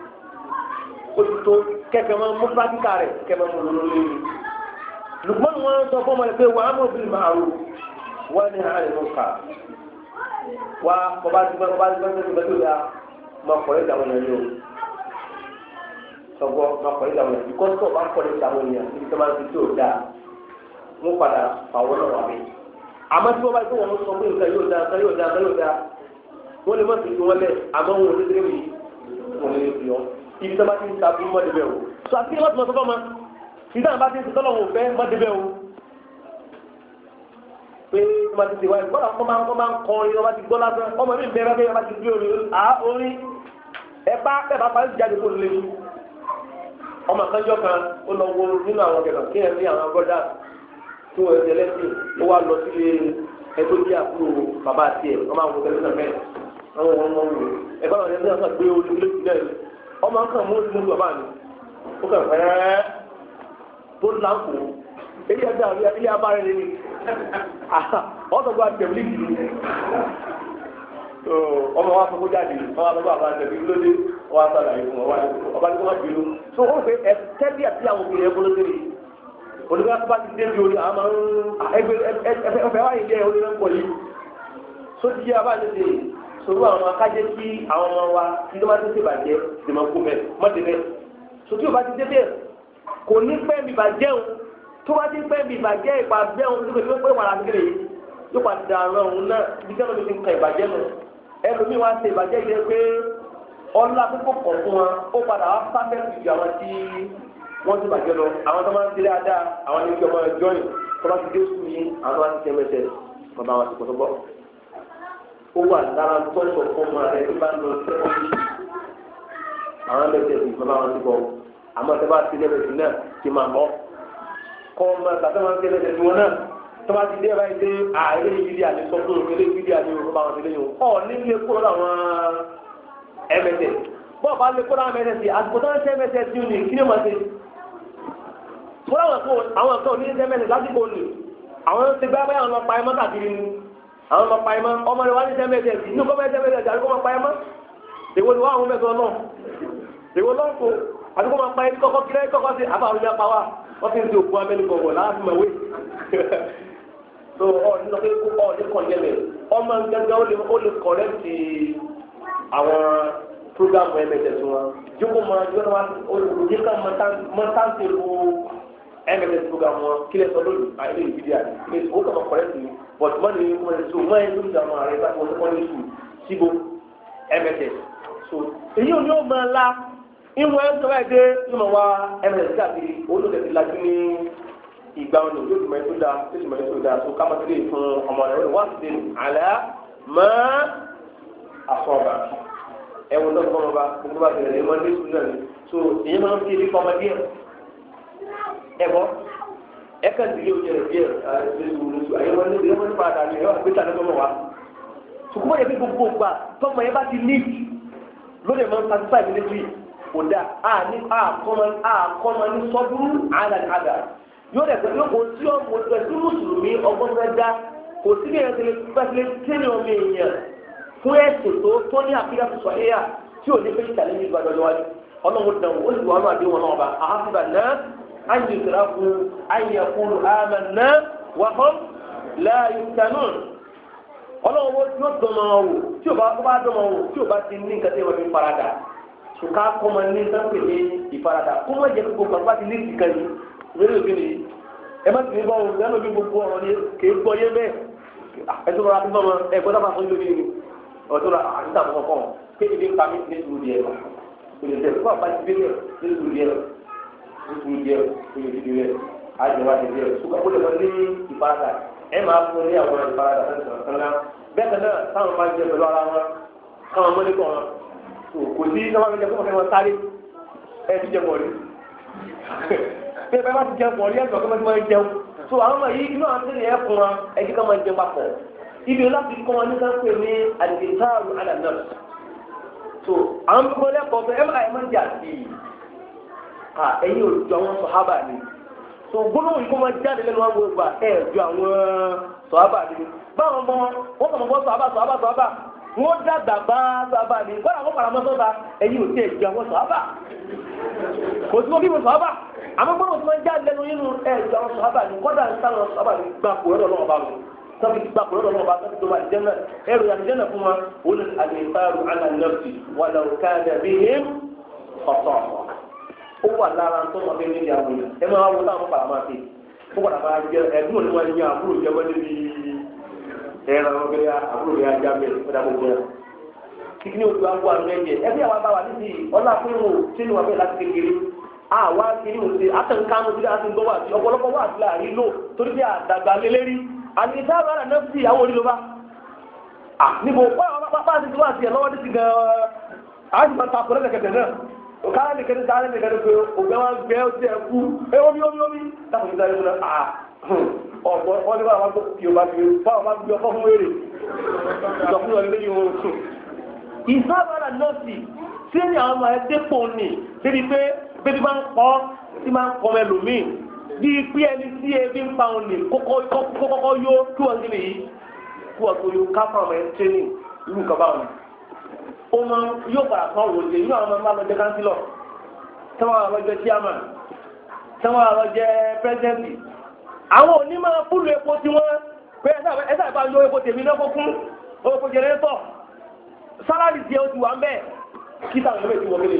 ó ti tó kẹfẹ máa mú pátíkà rẹ kẹfẹ mú lọ lórí mi Lukman wọn sọ fún ọmọ rẹ pé wàá mọ bíi màrú wọn ní àárín ló kà wá ọba tí wọn bá ti bá ti bá tó yà máa kọ̀ ẹ́ dàwọn ẹni o sọgbọ́ máa kọ̀ ẹ́ dàwọn ẹni kọ́ sọ̀ bá kọ̀ ẹ́ dàwọn ẹni àti ìjọba ti tó dáa wọn padà fàwọn náà wà mí àmọ́ tí wọ́n bá tó wọn sọ pé nǹkan yóò dáa nǹkan yóò dáa nǹkan yóò dáa wọ́n lè má ti fi wọn lẹ̀ àmọ́ wọn ò ní ibi tó bá ti ń ta burú mọ́ o so àti kí wọ́n ti mọ̀ sọ́kọ́ ma ibi táwọn bá ti ń sọ tọ́lọ̀ fẹ́ mọ́ o pé wọ́n ti ti wáyé gbọ́dọ̀ wọ́n máa ń kọ́ máa ń kọ́ orin wọ́n bá ti gbọ́ lásán ọmọ mi bẹ̀rẹ̀ bẹ́ẹ̀ bá ti gbé orin à orin ẹ bá ẹ bá parí jáde kó lé ọmọ kanjọ kan ó lọ wo nínú àwọn kẹkàn kí ẹ ní àwọn bọ́dà tó ẹ tẹlẹ sí ó wá lọ sílé ẹ ọmọ nǹkan mú mú bàbá ni? ó kàn fẹ́ẹ́ tó láǹkó ilé ẹgbẹ́ àwọn ilé abárin ni ọ̀sán gba tẹ̀lé ìlú ọmọ wa fọwọ́ jáde ọmọ wa fọwọ́ àbára tẹ̀lé lóde ọwọ́ àtàlàyé fún ọwọ́ ọba ní kó má so ó fẹ́ ẹ tẹ́lẹ̀ àti àwọn obìnrin ẹ̀kọ́ lókèrè olùkọ́ àti bá ti dé ju àmọ́ ẹgbẹ́ ẹgbẹ́ ẹgbẹ́ wáyé jẹ́ olùkọ́ pọ̀ yìí so ti yẹ abáyé sọ̀rọ̀ àwọn akájẹ́ kí àwọn ọmọ wa ndé bá ti ṣe bàjẹ́ dèmọ̀ kú bẹ́ẹ̀ mọ́tẹ́ bẹ́ẹ̀ sọ̀tí ò bá ti dé bẹ́ẹ̀ kò ní pẹ́ bí bàjẹ́ òun tó bá ti pẹ́ bí bàjẹ́ ìpà bẹ́ẹ̀ òun ló fẹ́ pé wàrà kékeré yìí yóò padà ràn òun náà bí sẹ́nu mi ti ń ka ìbàjẹ́ nù ẹlòmíì wá ṣe ìbàjẹ́ yìí pé ọlá púpọ̀ kọ̀ fún wa ó padà wá sáfẹ́ ju àwọn tí wọ́n ti bàjẹ́ lọ àwọn tó máa ń tilé adá àwọn ilé ìjọba ẹjọ́ tó bá ti dé sùn yìí àwọn tó bá ti tẹ́ mẹ́tẹ́ bàbá wa ti pọ̀ tó gbọ́ ó wà lára tọ́jọ́ fún ọmọ rẹ tó bá lọ sẹ́wọ̀n yìí àwọn ẹlẹ́sẹ̀ ìlú bàbá wọn ti bọ̀ àmọ́ tẹ́ bá ti lẹ́bẹ̀ẹ́ náà kí máa lọ kọ́ ọmọ tàbí wọn ti lẹ́bẹ̀ẹ́ tí wọn náà tó bá ti dé báyìí dé ààrẹ ìdílé àlè sọ fún òkèlè ìdílé àlè òkú bá wọn ti léyìn ọ nílé kúrò láwọn ẹmẹtẹ bọ́ọ̀ bá lè kúrò láwọn ẹmẹtẹ sí àsìkò tó ń ṣe ẹmẹtẹ sí òní kí ni wọ́n ti kúrò àwọn kan òní ṣe àwọn ọmọ pa ẹ mọ́ ọmọ rẹ wá ní sẹ́mẹ̀tẹ̀ inú kọ́ mẹ́tẹ́ mẹ́tẹ̀ àti kọ́ pa ẹ mọ́ èwo ni wọ́n àwọn mẹ́tọ́ náà èwo lọ́n kó àti kọ́ máa pa ẹ kọ́kọ́ kílẹ̀ kọ́kọ́ sí àbá àwọn yàpá wa wọ́n fi ń di òkú abẹ́ni bọ̀bọ̀ láàfin mọ̀wé so ọ nínú pé kó ọ ní kọ̀ọ̀lẹ́mẹ̀ ọmọ gẹ́gẹ́ ó lè kọ̀rẹ́tì àwọn program mẹ́tẹ̀ tí wọ́n jókòó máa jókòó máa ó yẹ ká mọ́tàntì mms program wọn kílẹ̀ sọ lónìí àìlè ah, ìbílẹ̀ àti kílẹ̀ sọ ó kàn máa kọ̀rẹ́ sí i but wọ́n ní wọ́n ní so wọ́n ní lóṣù àwọn ààrẹ bá wọ́n wọ́n ní sùn síbo mss so èyí ò ní ó máa la ìwọ̀n ẹ̀ sọ́wọ́ ẹ̀dẹ́ ló máa wá mss káàkiri olóòtú lajú ní ìgbà wọn lò lóṣù mẹ́tò dáa lóṣù mẹ́tò dáa so ká máa tẹ̀lé fún ọmọ rẹ̀ wọ́n ti dẹnu àlá mọ́ àfọ̀bà ẹ̀wọ̀n náà kọ́ ẹ̀bọ́ ẹ̀ka ìdílé oúnjẹ rẹ̀ díẹ̀ ẹ̀ẹ́dẹ́gbẹ̀rún lóṣù àyẹ̀wò ní ìdílé wọn padà ní ẹ̀wọ̀n àgbẹ̀ta ní ọmọ wa ṣùgbọ́n yẹ kí gbogbo gbà tọ́mọ yẹn bá ti ní lóde mọ́ satisfy mi létí kódà àní àkọ́mọ ní sọ́dún àdàdà yóò dẹ̀ pẹ̀lú kò sí ọmọ ẹ̀sìn mùsùlùmí ọgbọ́n fẹ́ dá kò sí bí ẹ̀sìn tẹ́lẹ̀ ọmọ èèyàn fún ẹ̀sìn tó tó ní àfíríkà tó sọ ẹ̀yà tí ò ní fẹ́ ṣàlẹ́ ní ìgbàdọ̀ lọ́wọ́ ọlọ́run dàn ó sì wà ní àdéhùn ọlọ́run ọba àhásùbà náà أن يدركوا أن يقولوا آمنا وهم لا يفتنون ọlọ́run wo yóò dọ̀mọ̀ wò tí o bá tó bá dọ̀mọ̀ wò tí o bá ti ní nǹkan tí o bá fi farada ṣùkà kọ́mọ ní sáfẹ̀ ní ìfarada kó má jẹ́ gbogbo àgbà ti ní ìsìnkà yìí lórí òbí ni ẹ má sì ní bọ́ òun lẹ́nu bí gbogbo ọ̀rọ̀ ni kì í gbọ́ yé bẹ́ẹ̀ ẹ tó rọra mọ ẹ gbọ́dọ̀ bá fún yóò yé ni ọ̀tọ́ la àti tàbí kọ̀ọ̀kan ó tún jẹ oye dídí rẹ àjọba ti díẹ̀ ṣùgbọ́n ó lè lọ ní ìfaradà ẹ máa fún ní àwọn ìfaradà tó ń sọ̀rọ̀ kan náà bẹ́ẹ̀ kan náà táwọn máa ń jẹ pẹ̀lú ara wọn káwọn mọ́lẹ́ kọ̀ wọn kò sí sábà fi jẹ fún ọ̀fẹ́ wọn sáré ẹ ti jẹ bọ̀ọ̀lì bí ẹ bá bá ti jẹ bọ̀ọ̀lì ẹ̀ sọ̀rọ̀ kí wọ́n ti máa so àwọn ọmọ yìí inú àwọn tẹ̀lé ẹ̀ fún wọn ẹ jẹ́ ká máa jẹun papọ̀ ibi láti kọ́ wọn ní ká pè ní àdìgbèsáàrù àdàmọ́ so àwọn gbogbo lẹ́kọ̀ọ́ fẹ́ ẹ máa ẹ máa jà sí à ẹ̀yin ò ju àwọn sọ̀hábà ni tó gbólóhùn kó máa jáde lẹ́nu àwọn ìgbà ẹ̀ ju àwọn sọ̀hábà ni báwọn mọ wọn kàn mọ́ bọ́ sọ̀hábà sọ̀hábà sọ̀hábà wọn dàgbà bá sọ̀hábà ni gbọ́dọ̀ àwọn paramọ́ sọ́ta ẹ̀yin ò tiẹ̀ ju àwọn sọ̀hábà kò sí wọn kí wọn sọ̀hábà àmọ́ gbọ́dọ̀ tí wọ́n jáde lẹ́nu nínú ẹ̀ ju àwọn sọ̀hábà ni kọ́dà ń sáwọn sọ̀hábà ni gbà kò rẹ̀ lọ́wọ́ bá wọn sọ́bi gba tó wà jẹ́nà ẹrù yà jẹ́nà fún wa wọ́n lè àgbẹ̀fáàrù àlànàfì wà lọ́wọ́ káàdà bí i ọ̀tọ̀ ó wà lára tó máa fẹ́ níbi àwọn èèyàn ẹ máa wọ táwọn padà máa fi ó padà máa jẹ ẹ̀dùn òní máa yan àbúrò jẹ wọ́n níbi ẹran ọgbẹ́ àbúrò rẹ̀ ajá bẹ́ẹ̀ ó dàbò jẹ́ kíkíní ojú àgbo àmì ẹ̀jẹ̀ ẹbí àwọn abáwa níbi ọlá fún ìwò sínú abẹ́ láti kékeré àwa kiri òsè àtẹnkánu sí àti gbọ́ wà sí ọ̀pọ̀lọpọ̀ wà sí láàrin lò torí bí àdàgbà lélẹ́rí àti ìsáàbára náà sí ìyàwó orí ló bá níbo pápá àti ìwà àti ẹ̀ lọ́wọ́ o káwọn nìkan ní sáré nìkan ní pé ògbẹ́ wọn gbé ó ti ẹ̀kú ẹ omi omi omi láti fi sáré fúnra àá ọ̀pọ̀ wọn ní báwọn tó fi ọba gbé báwọn bá gbé ọkọ fún wèrè ìjọkúrò ilé yìí wọn sùn. ìsábàárà nọ́ọ̀sì tí ní àwọn ọmọ ẹ dépò nì débi pé bébí máa ń kọ́ tí máa ń kọ́ mẹ́lòmíì bíi pé ẹni tí ebi ń pa òun nì kókó yó kí wọ́n kí nìyí kí wọ́n tó yó ká fún àwọn ẹ̀ ń tẹ́nì irú nǹkan báwọn ó máa yóò padà kan òwò jẹ inú àwọn ọmọ máa lọ jẹ kánsílọ̀ táwọn àwọn ọjọ́ chairman táwọn àwọn ọjọ́ president àwọn onímọ̀ fúlù epo tí wọ́n pé ẹ̀sà ìbá yọ epo tèmi náà fún owó jẹrẹ́tọ̀ sálárì jẹ́ oṣù wa ń bẹ̀ kí táwọn ẹgbẹ́ ti wọlé lè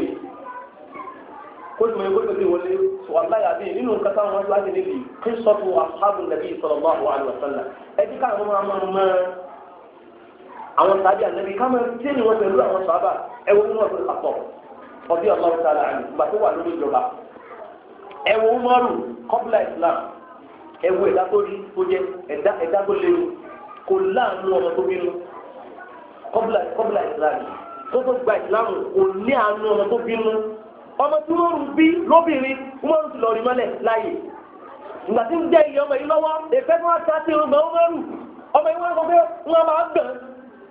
kó tí mo yẹ kó tó ti wọlé wàláyà bí nínú nǹkan táwọn ọjọ́ àti níbi kí sọ́tù àfáàbù nàbí sallallahu alaihi wasallam ẹ àwọn sábà ànábi ká máa tí ni wọ́n pẹ̀lú àwọn sábà ẹwọ umaru bin Khattab ọbí Allahu ta'ala anhu gbà tó wà lórí ìjọba ẹwọ umaru kọ́bílà islam ẹwọ ẹ̀dá tó rí tó jẹ ẹ̀dá ẹ̀dá tó léwu kò láàánú ọmọ tó bínú kọ́bílà kọ́bílà islam tó tó gba islam kò ní àánú ọmọ tó bínú ọmọ tí umaru bí lóbìnrin umaru ti lọ rí mọ́lẹ̀ láàyè ìgbà tí ń jẹ́ iye ọmọ yìí lọ́wọ́ èfẹ́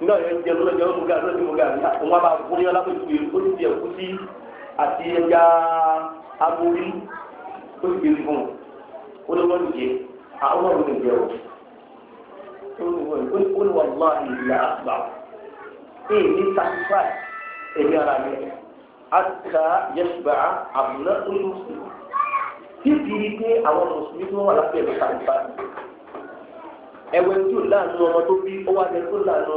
nígbà yẹn jẹ lọ́jọ́ lọ́jọ́ muga lọ́jọ́ muga ní àwọn bá fún yọ lápẹ́ ìgbè ó ti tiẹ̀ kú sí àti ẹja aborí ó ti gbèrú fún un ó ló wọ́n jẹ àwọn ọ̀rọ̀ ìjẹ o ó ní wọ́n lọ́ ìlà àgbà ẹ̀ ní satisfy ẹ̀mí ara mi àtà yẹsùbà àbúrò ó títí pé àwọn mùsùlùmí tó wà lápẹ́ ìlú satisfy ẹ̀wẹ̀ tó láàánú ọmọ tó bí ó wá jẹ tó láàánú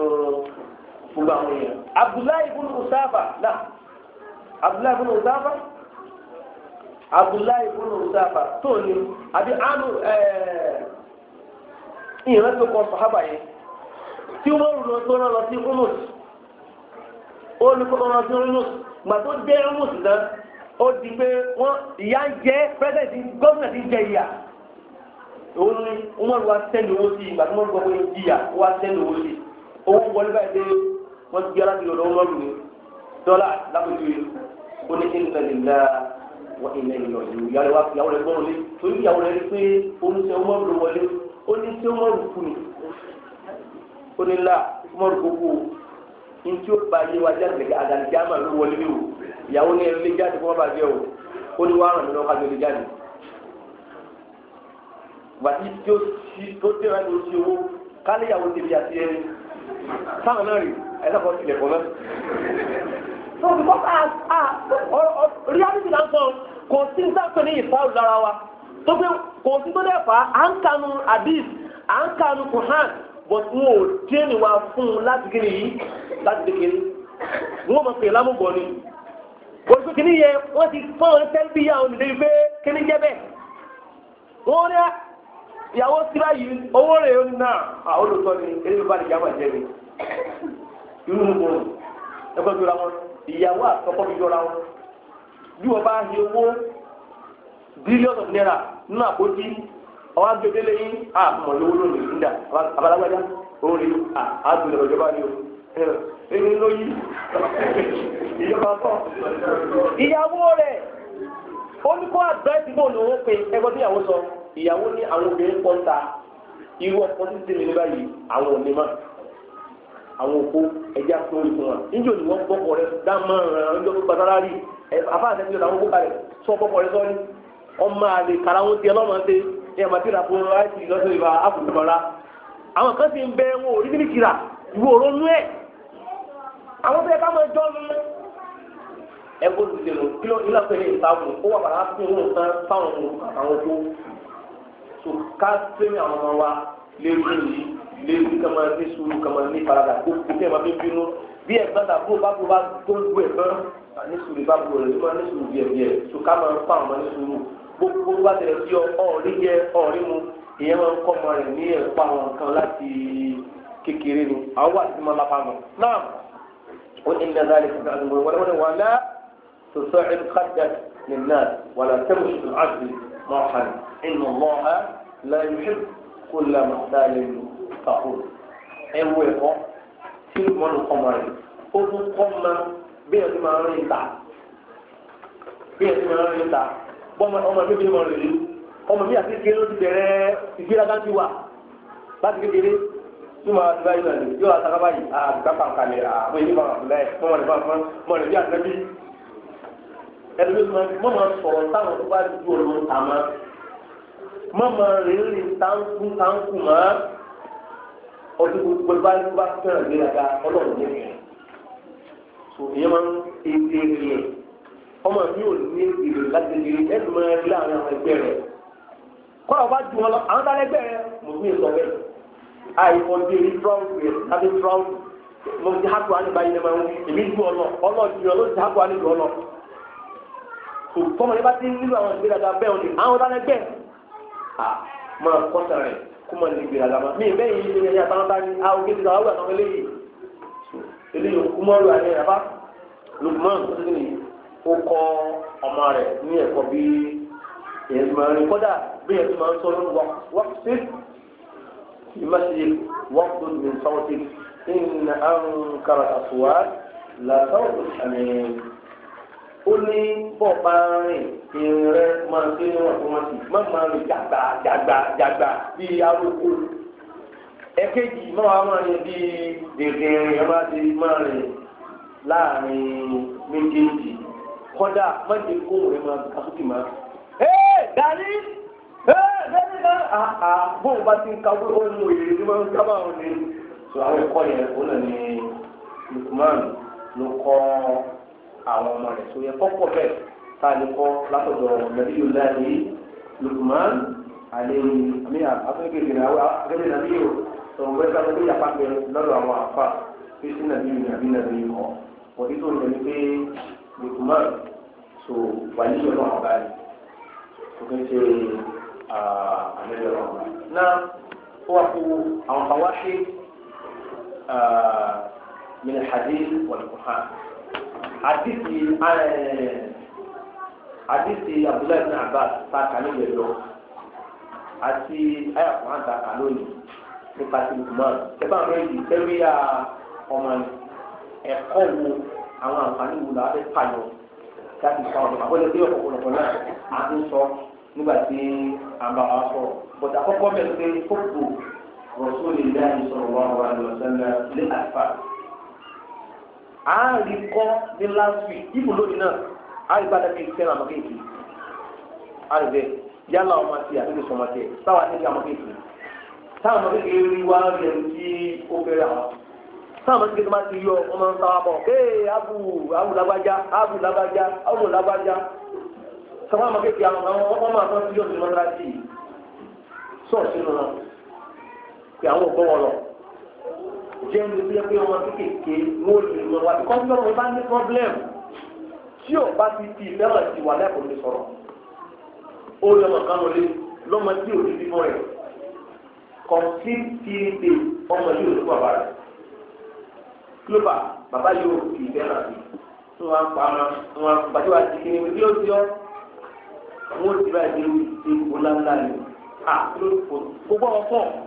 gbogbo àwọn èèyàn. abdullahi ibn usafa la abdullahi ibn usafa abdullahi ibn usafa tó ní àbí anu ìrántí kan sàhábà yẹn tí wọ́n rò tó rán lọ sí umus ó ní kó rán sí umus gbà tó dé umus náà ó di pé wọ́n ìyá ń jẹ pẹ́sẹ̀tì gómìnà ti jẹ ìyà òun ni wọ́n wá sẹ́ni owó sí ìgbà tí wọ́n gbọ́ pé ó jìyà ó wá sẹ́ni owó sí owó wọlé báyìí dé wọ́n ti gbára jùlọ lọ́wọ́ lọ́rùn ni dọ́là lápẹ̀jù ó ní kí n tẹ̀lé ńlá wọ́n ilẹ̀ ìlọ ìlú ìyàwó wa ìyàwó rẹ̀ gbọ́n lé torí ìyàwó rẹ̀ rí pé oníṣẹ́ ọmọrù ló wọlé ó ní tí ọmọrù kù ní ó ní là ọmọrù gbogbo ní tí ó bá yé wa jáde àgàlìjáàmà ló wọlé o ìyàwó ní ẹlẹ́jáde kó má bàjẹ́ o ó ní wàá ràn mí lọ́ka lórí jáde gbàtí tí ó ti tó tẹ̀ wá ní oṣù owó káléyàwó tèmi àti ẹni sáwọn náà rè ẹlẹ́kọ̀ọ́ tilẹ̀ kọ́ náà. so because as ah, ah reality na sọ kò sí sáfẹ́ ní ìfáwọ́ lára wa tó pé kò sí tó dẹ̀ fà á à ń kanu hadith à ń kanu Quran but wọn ò dé ni wa fún un láti kiri yìí láti kékeré wọn mọ̀ pé lámùbọ̀ ni wọ́n ti kiri yẹ wọ́n ti fọ́n sẹ́ńbíyà òní débi pé kiri jẹ́ bẹ́ẹ̀ wọ́n rẹ́ ìyàwó síra yìí owó rẹ̀ ó nà àwọn olùtọ́ ni eré bá nìyá máa mi irú mi mọ̀ ẹgbẹ́ jọra wọn ìyàwó àtọkọ mi jọra wọn bí wọ́n bá ń owó bílíọ̀nù náírà nínú àpótí ọwọ́ agbẹ́dẹ́lẹ́ yín àmọ̀ lówó lónìí nígbà abalagbada o ẹni ìjọba kọ́ ìyàwó rẹ̀ àgbẹ̀ pé ẹgbẹ́ sọ. ìyàwó ní àwọn obìnrin pọ̀ ń ta irú ọkọ títí mi ní báyìí àwọn àwọn òkú ẹja tó ń wa níjó ni rẹ dámọ̀ràn ọjọ́ tó gbàtà láàrí afáàṣẹ ti lọ́wọ́ kó kalẹ̀ sọ rẹ kara wọn tiẹ̀ lọ́mọ ṣe ní ìfà àwọn kan ti ń bẹ wọn ò rí níbi kìlà ìwọ so ká tẹ́lẹ̀ àwọn ọmọ wa léwu yìí léwu kama ní sùúrù kama ní farada kó kó tẹ́ ma fi bínú bí ẹ̀gbọ́n ta kó bá kó bá tó ń gbé ẹ̀gbọ́n ní sùúrù bá kó rẹ̀ lọ́wọ́ ní sùúrù bíẹ̀ bíẹ̀ so ká máa ń fa àwọn ní sùúrù gbogbo bá tẹ̀lé sí ọ ọ̀rí jẹ ọ̀rí mu ìyẹn máa ń kọ́ ọmọ rẹ̀ ní ẹ̀kọ́ àwọn nǹkan láti kékeré ni àwọn wà sí máa lápá mọ́ náà ó ní ilẹ̀ náà lè fi gbàgbọ́ wọlé wọlé تصعد خدك للناس ولا تمشي في العدل مرحلا إن الله láyé kó lamọ dáálé lu kàkó ẹ wo ẹ̀kọ́ tí mọnù kọmọ rẹ ó tún kọmọ bí ẹni máa rìn ta bí ẹni máa rìn ta bọ́mọ ọmọ bíbí ni mo rìn lù ọmọ mi àti kékeré ló ti bẹ̀rẹ̀ ìgbéraga ti wà láti kékeré tí mo ah, àti báyìí lọ́nà yóò àtàkà báyìí àgbà pàǹkàlẹ̀ àwọn èyí máa fún bẹ́ẹ̀ mọ́ wọn lè máa fún mọ́ lè bí àtẹ́bí ẹni ló máa sọ̀rọ̀ táwọn tó bá ju ọ̀nà àmọ́. ma rẹ̀ riri rìn táǹkù táǹkù mọ́ ọdún gbogbo bá ń bá fẹ́ràn gbéraga ní ìfẹ́ so ìyẹn máa ń ṣe é dị ọmọ mi ò ní ìlú láti ṣe ẹnu mọ́ ẹrí láàrin àwọn ọba ju lọ àwọn tá sọ tàbí mo ti èmi ju à máa kọ́ta rẹ̀ kó máa lè gbèrà lámà mí bẹ́ẹ̀ yìí ni ẹ̀yà táwọn bá ní àwọn òkè tìlà àwọn àwọn eléyìí eléyìí òkú mọ́ lù àyè yàrá Lukman tó ti ní ó kọ́ ọmọ rẹ̀ ní ẹ̀kọ́ bí èyí máa rìn kọ́dà bí èyí máa ń sọ lórí wọ́pùsí ìmáṣe wọ́pùsí mi sáwọ́sí ìnà àrùn kàràkàtúwà làtàwọn ó ní bọ̀ máa rìn ìrìn rẹ máa ń gbé níwọ̀n tó máa ti má máa rìn jàgbà jàgbà jàgbà bíi aróko ẹ̀kejì máa máa rìn bíi dèdè rìn ẹ máa ti máa rìn láàrin méjèèjì kọ́dà má kó rẹ máa ga sókè máa. ẹ dàní ẹ dàní náà àhà bóun bá ti ń ka wọ́n ohun èlò tí wọ́n ń sábà wọn ni. sọ àwọn ẹ̀kọ́ yẹn ó nà ní Lukman ló àwọn ọmọ rẹ̀ tó yẹ kọ́kọ́ bẹ́ẹ̀ tá a lè kọ́ látọ̀dọ̀ nàbíyù láàyè Lukman àlẹ́yìn àmì àfẹ́kẹ̀kẹ̀ àgbẹ̀rẹ̀ nàbíyù tọ̀wọ́ ẹ̀ka tó yà pàṣẹ lọ́dọ̀ àwọn àfà pé sí nàbíyù nàbí nàbíyù kọ́ wọ́n ti tó yẹ ni pé Lukman so wà ní ìyọ̀nà ọ̀gá rẹ̀ tó kẹ́ ṣe àlẹ́yìn ọ̀gá náà ó wà kó àwọn kan wá ṣe من الحديث والقرآن àdìsí eh, àdìsí abdullahi bin abbas ta kàlẹ́ yẹn lọ àti ta kàlẹ́ yìí nípa ti lukman ẹ̀bá àwọn èyí tẹ́wé ya ọmọ ẹ̀kọ́ wo àwọn àǹfààní wo làwọn fẹ́ pààyàn láti fa ọ̀dọ̀ na bí ọ̀pọ̀lọpọ̀ náà à ń sọ nígbà tí àbá wa sọ̀rọ̀ àkọ́kọ́ bẹ̀rẹ̀ pé kókò rọ̀sùn lè wà lọ́sẹ̀ náà lé àárí kọ́ ní last week lónìí náà àárí bá dákẹ́ ìfẹ́ àmọ́ kéèké àárí bẹ́ẹ̀ yálà ọmọ àti àdúgbò sọmọ tẹ táwa ní ìyá kéèké táwọn ọmọ kéèké rí wá rí ẹni tí ó táwọn kéèké máa ti ee abu abu abu abu sọmọ kéèké àwọn ọmọ ọmọ jẹun tó yẹ pé ọmọ kékèké wọn ò lè lọ wá kọ́ tí ọmọ bá ní problem tí ò bá ti fi ìfẹ́ràn ti wà lẹ́kọ̀ọ́ lè sọ̀rọ̀ ó lọ́mọ kan lọ lé lọ́mọ tí ò ní bí mọ́ rẹ̀ kọ̀ǹtì tí ń pè ọmọ yóò lọ́kọ̀ bàbá rẹ̀ kílóbà bàbá yóò fi ìfẹ́ràn sí tí wọ́n á pa ọmọ wọn bàjẹ́ wà sí kíni bí ó ti ọ́ wọn ti bá ìdílé ìgbóná ńlá ni à kó gbọ́ ọ fọ́ọ̀.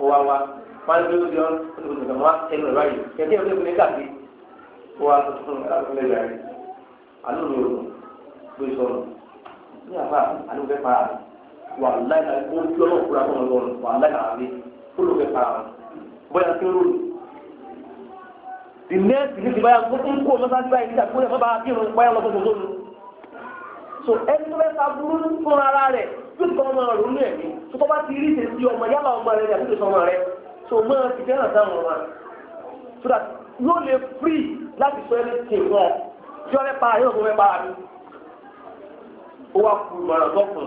wá wa, wọn lé lórí ọ́n olùdókòtò wọn ẹnu ẹ̀rọ ayé kẹ̀kẹ́ ìwé ìwé kàkiri wá tuntun alẹ́ rẹ̀ ayé alẹ́ òní òní ló sọ ọ́n ní àbá alẹ́ òfẹ́ para wà láì náà ó ń tí ọlọ́run kúra fún ọlọ́run wà láì náà wọlé ó ló fẹ́ para wọn bóyá kí ló lò the next thing ti báyà ń kó mọ́sáájú báyìí níta kó lè má bàa kírun báyà lọ́sọ̀tún tó lò so ẹni tó fẹ́ sa burú fúnra rẹ̀ yóò ti kọ́ ọmọ rẹ̀ lónìí ẹ̀mí tó kọ́ bá ti rí ìṣe sí ọmọ yálà ọmọ rẹ̀ àti ìṣọmọ rẹ̀ tó mọ́ ti fẹ́ràn sáwọn ọmọ so that yóò lè free láti sọ ẹni tè wọ́n tí wọ́n fẹ́ pa yóò fún fẹ́ pa mi ó wá kú ìmọ̀ràn gọ́fùn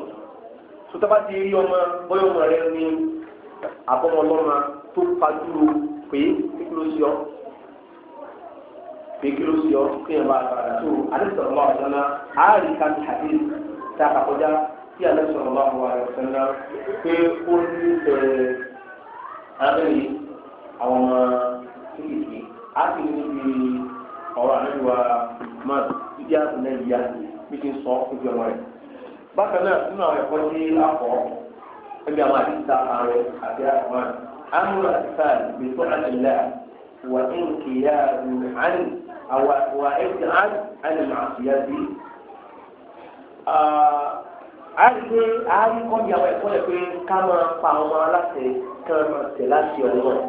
tó tọ́ bá ti rí ọmọ bọ́yọ̀ ọmọ rẹ̀ ní àbọ̀mọ ọlọ́mọ tó fajúro pé kíkúrò sí ọ pé kíkúrò sí ọ kéèyàn bá a tó tí alẹ́ sọ̀rọ̀ bá wà rẹ̀ sẹ́lá pé ó ní bẹ̀rẹ̀ abẹ́rẹ́ àwọn ọmọ kéékèèké á sì níbi ọ̀rọ̀ àlejò máa dídí àtúnlẹ̀ yíyá bí ti ń sọ ojú ọmọ rẹ̀. bákan náà nínú àwọn ẹ̀kọ́ tí a kọ́ ẹbí àwọn àdìsá ààrẹ àti àtúmọ̀ àmúlò àtìsá ìgbésọ àtìlẹ́ wà ní kìíyà àní àwa ẹ̀sìn àní àní màá fi yá sí. a ti pé a ń kọ́ ní àwọn ẹ̀kọ́ rẹ̀ pé ká máa pa ọmọ aláṣẹ ká máa tẹ̀ láti ọlọ́run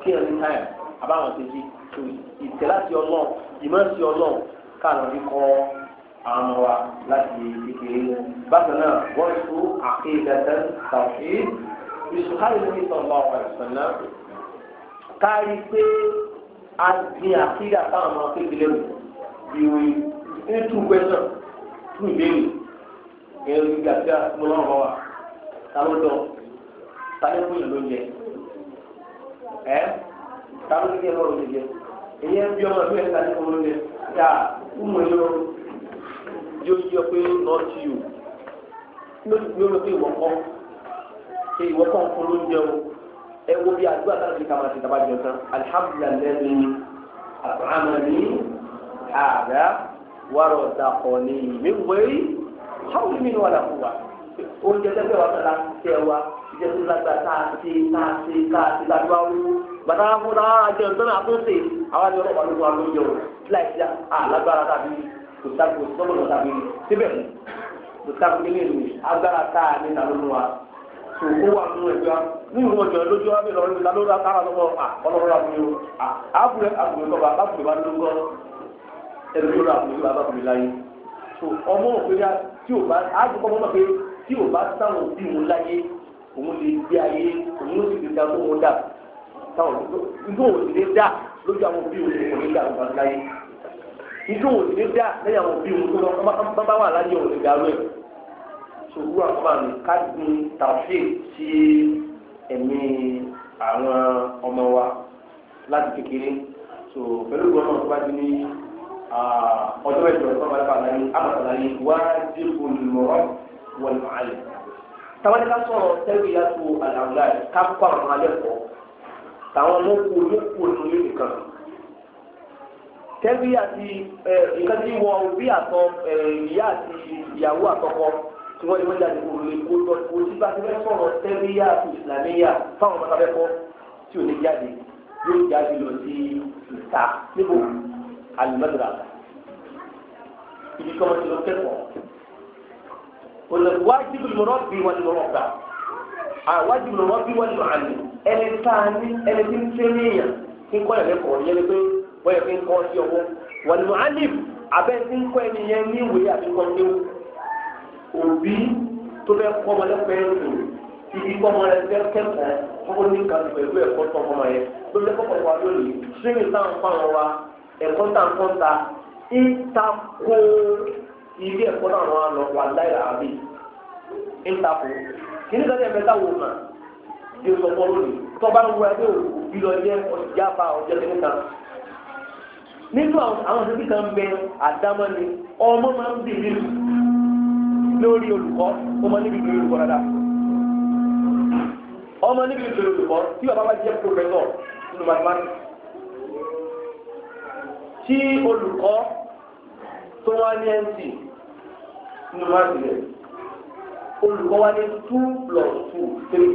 kí ẹni táyà àbáwọn ti di ìtẹ̀ láti ọlọ́run ìmọ̀ sí ọlọ́run káàlọ́ ní kọ́ àwọn ọmọ wa láti kékeré bákan náà wọ́n tún àkéèdàdàn tàbí ìṣùkárí ní ìtọ́gbà ọ̀pọ̀ ìṣọ̀nà kárí pé a gbin àkéèdà táwọn ọmọ kékeré wò bí wí ní two questions fún ìbéèrè ẹ̀rù ìgbà tí a mú lọ́rọ̀ wa ta ló dọ̀ ta ló fún ìlú jẹ ẹ ta ló jẹ lọ́rọ̀ jẹ èyí ń bí ọmọ ìlú ẹ̀ ta ló fún ìlú jẹ yà kúmọ̀ yọ yóò yọ pé lọ́ọ̀tì o yóò lọ pé ìwọ̀kọ́ ṣe ìwọ́pọ̀ ń fún lóúnjẹ o ẹ wo bí àdúrà láti kàmá ti tàbá jẹun tán alihamudulilayi àbáhámà ní àdá wàrọ̀ dàpọ̀ ní ìmí wẹ̀rí hàwọn mi ni wà lákùwà oúnjẹ tẹ́tẹ́ wa tẹ́lá tẹ́ wa ìjẹ́ tó lágbà tá a ṣe tá a ṣe tá a ṣe lágbà wú bàtà fún ta àjẹ ìtọ́nà àtúnṣe àwọn àti ọlọ́pàá ló wà lóúnjẹ o láì sí àlágbára tàbí kò sábò sọ́kòlò tàbí síbẹ̀ kò sábò nílé mi agbára tá a ní ìdánwò wa kò kó wà nínú ẹgbẹ́ ní ìlú ọjọ́ lójú wa bí lọ́wọ́ lórí ta lórí akára lọ́wọ́ ọlọ́run àbúrò ẹni tó rà àbúrò láyé so ọmọ òpèrè tí ò bá àti kọ́ mọ́ pé tí ò bá sáwọn òbí wọn láyé òun lè gbé ayé òun ló sì lè dá tó wọn dà táwọn nígbà òun sì lè dà lójú àwọn òbí wọn kò dà wọn bá láyé nígbà òun sì lè dà lẹ́yìn àwọn òbí wọn tó lọ bá wà láyé òun lè dà rẹ̀ so wúrà kọ́ àmì kágun tàfé sí ẹ̀mí àwọn ọmọ wa láti kékeré so pẹ̀lú gbọ́dọ̀ tó bá Ah, ọjọ́ ìjọ sọ́ba ìfàlàyé amọ̀tàlàyé wájú olùmọ̀rọ̀ wọlé màálì. tàbí ká sọ̀rọ̀ tẹ́lẹ̀ yàtò àlàmúlá yìí ká kọ́ àwọn alẹ́ kọ́ tàwọn mọ́kù olókù olóyè nìkan. tẹ́lẹ̀ àti nǹkan tí wọ́n bí àtọ ìyá àti ìyàwó àtọkọ tí wọ́n ti wọ́n jáde kó lè kó lọ kó tí bá ti fẹ́ sọ̀rọ̀ tẹ́lẹ̀ àti ìsìlámíyà fáwọn ọmọ tàbẹ́ kọ́ tí ò ní jáde ibi kí wọ́n ti lọ kẹ́kọ̀ọ́. wájibul murabbi wal murabba wájibul murabbi wal mu'allim ẹni tá a ní ẹni tí ń tẹ́ níyàn kí n kọ́ ẹ̀rẹ́ kọ̀ yẹn pé wọ́n yẹ kí n kọ́ sí ọwọ́ wal mu'allim abẹ́ tí ń kọ́ ẹni yẹn ní ìwé àbíkọ́ ní òbí tó fẹ́ kọ́ ọmọ lẹ́kọ̀ọ́ yẹn lò ibi kọ́ ọmọ rẹ fẹ́ kẹ́kọ̀ọ́ kókó ní kàtó pẹ̀lú ẹ̀kọ́ tó ọmọ yẹn tó lẹ́kọ̀ọ́ pọ̀ wá lónìí ṣé mi táwọn fáwọn wa ẹ̀kọ́ táwọn fọ́n ta ntako ilé ẹ̀kọ́ náà wọn lọ wà láìra àbí ntako kí ní sọ́jà ẹ̀fẹ́ táwọn ọmọ ti sọ fọ́ lónìí tó bá ń wọ ẹgbẹ́ òbí lọ jẹ́ ọ̀sìjà fa ọ̀jẹ́ kìíní kan nínú àwọn ọ̀sẹ̀ kíkan bẹ àdámọ́ ni ọmọ máa ń bèèrè lórí olùkọ́ ọmọ níbi ìbèrè olùkọ́ dáadáa ọmọ níbi ìbèrè olùkọ́ tí bàbá bá jẹ́ pòfẹ́sọ̀ nínú mathematics tí olùkọ́ tó wá ní mc nínú máàlì rẹ̀ olùkọ́ wá ní two plus two three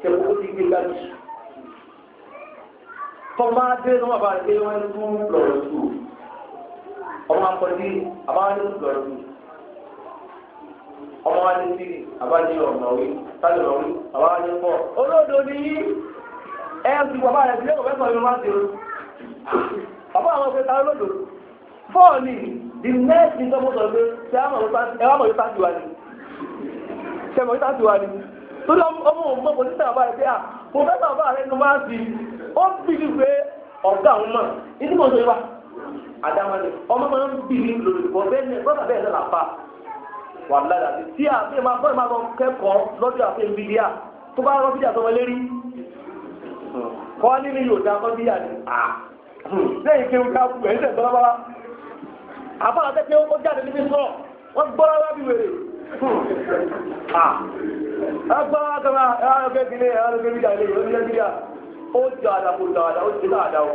kẹ̀kọ́ ó ti gbé gbájú tọ́gbà dé lọ́wọ́ bá dé wọ́n ní two plus two ọmọ akọ̀dé àbáwọn ní two plus two ọmọ wa ní three àbáwọn ní ọ̀nà òwe táyà ọ̀nà òwe àbáwọn ní four olódo ni yí ẹ̀ ń fi bàbá rẹ̀ sílẹ̀ kò fẹ́ sọ̀rọ̀ ní wọ́n bàbá àwọn ọ̀gbẹ́ ta lọ́dọ̀ fọ́ọ̀lì the next thing tọ́mọ́ sọ pé ṣé àwọn ọ̀gbẹ́ ta ẹ̀wọ̀n ọ̀gbẹ́ ta ti wà ní ṣe mọ̀ ta ti wà ní torí ọmọ òun mọ̀ pòlítà bàbá rẹ̀ pé à mo fẹ́ bàbá rẹ̀ nu máa ti ó bì í pé ọ̀gá òun mọ̀ ìdí mọ̀ sọ yìí wá àdámọ́ni ọmọ máa ń bì í lòlù bọ́ bẹ́ẹ̀ ní bọ́ọ̀sà bẹ́ẹ̀ lọ́la pa wà lára tí tó bá rọ́ bídíà tó wọlé rí kọ́ nínú yóò dá kọ́ bídíà ní à lẹ́yìn kí n ká kú ẹ̀ ń tẹ̀ bọ́lábọ́lá àbára tẹ́tẹ́ ó jáde níbi sọ wọ́n gbọ́ra wá bí wèrè agbára kọ́ra ẹ̀rọ ẹgbẹ́ ìdílé ẹ̀rọ ẹgbẹ́ ìdílé ẹ̀rọ ẹgbẹ́ ìdílé ó jọ àdàpọ̀ jọ àdà ó ti lọ àdà ó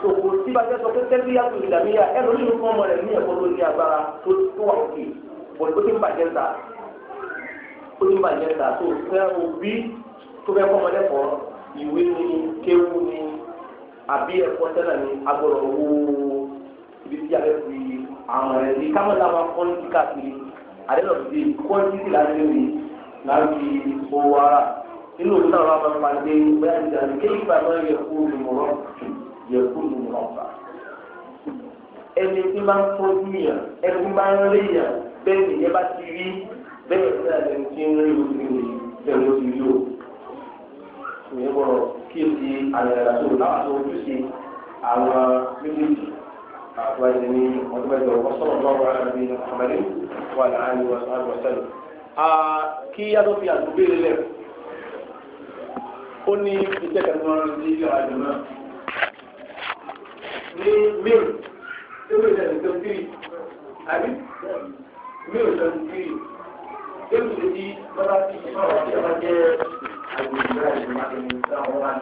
sòkò tí bá jẹ́ sọ pé tẹ́lẹ̀ yàtò ìdàmíyà ẹ̀rọ nínú fún ọmọ rẹ̀ ní ẹ̀kọ́ ló ní agbára tó tó wà òkè bọ̀dé ó ni kéwù ni àbí ẹ̀kọ́ sẹ́nà ní agbọ̀rọ̀ owó ibi tí a fẹ́ fi àwọn ẹ̀rẹ́ ní kámọ́lá wa kọ́ńtì káàkiri àdéhùn ọ̀sẹ̀ kọ́ńtì láti rí láti owó ara inú òun náà wà máa ń pàdé bẹ́ẹ̀ ní àti kéyìí bá máa yẹ kó lùmọ̀rọ̀ yẹ kó lùmọ̀rọ̀ fà. ẹni tí máa ń tọ́jú yàn ẹni tí máa ń rí yàn bẹ́ẹ̀ nìyẹn bá ti rí bẹ́ẹ̀ ní ẹni tí ń rí ìyẹn gbọ́dọ̀ kí o ti àyàrá tó láwùjọ ojúṣe àwọn méjèèjì àti wáyé ní ọdún mẹ́jọ ọsọrọ lọ́wọ́ àbí àmàlẹ wà láàyè wà láàyè ọsẹlẹ. kí yàtọ̀ fi àdúgbò yìí lẹ̀ ó ní iṣẹ́ kan tó ń di àjò náà ní mail tó lè lẹ́nu tó kiri àbí mail tó kiri tó lè di bọ́lá tí ìṣẹ́ ọ̀rọ̀ àti ọ̀rọ̀ jẹ́. عبد الله بن مسعود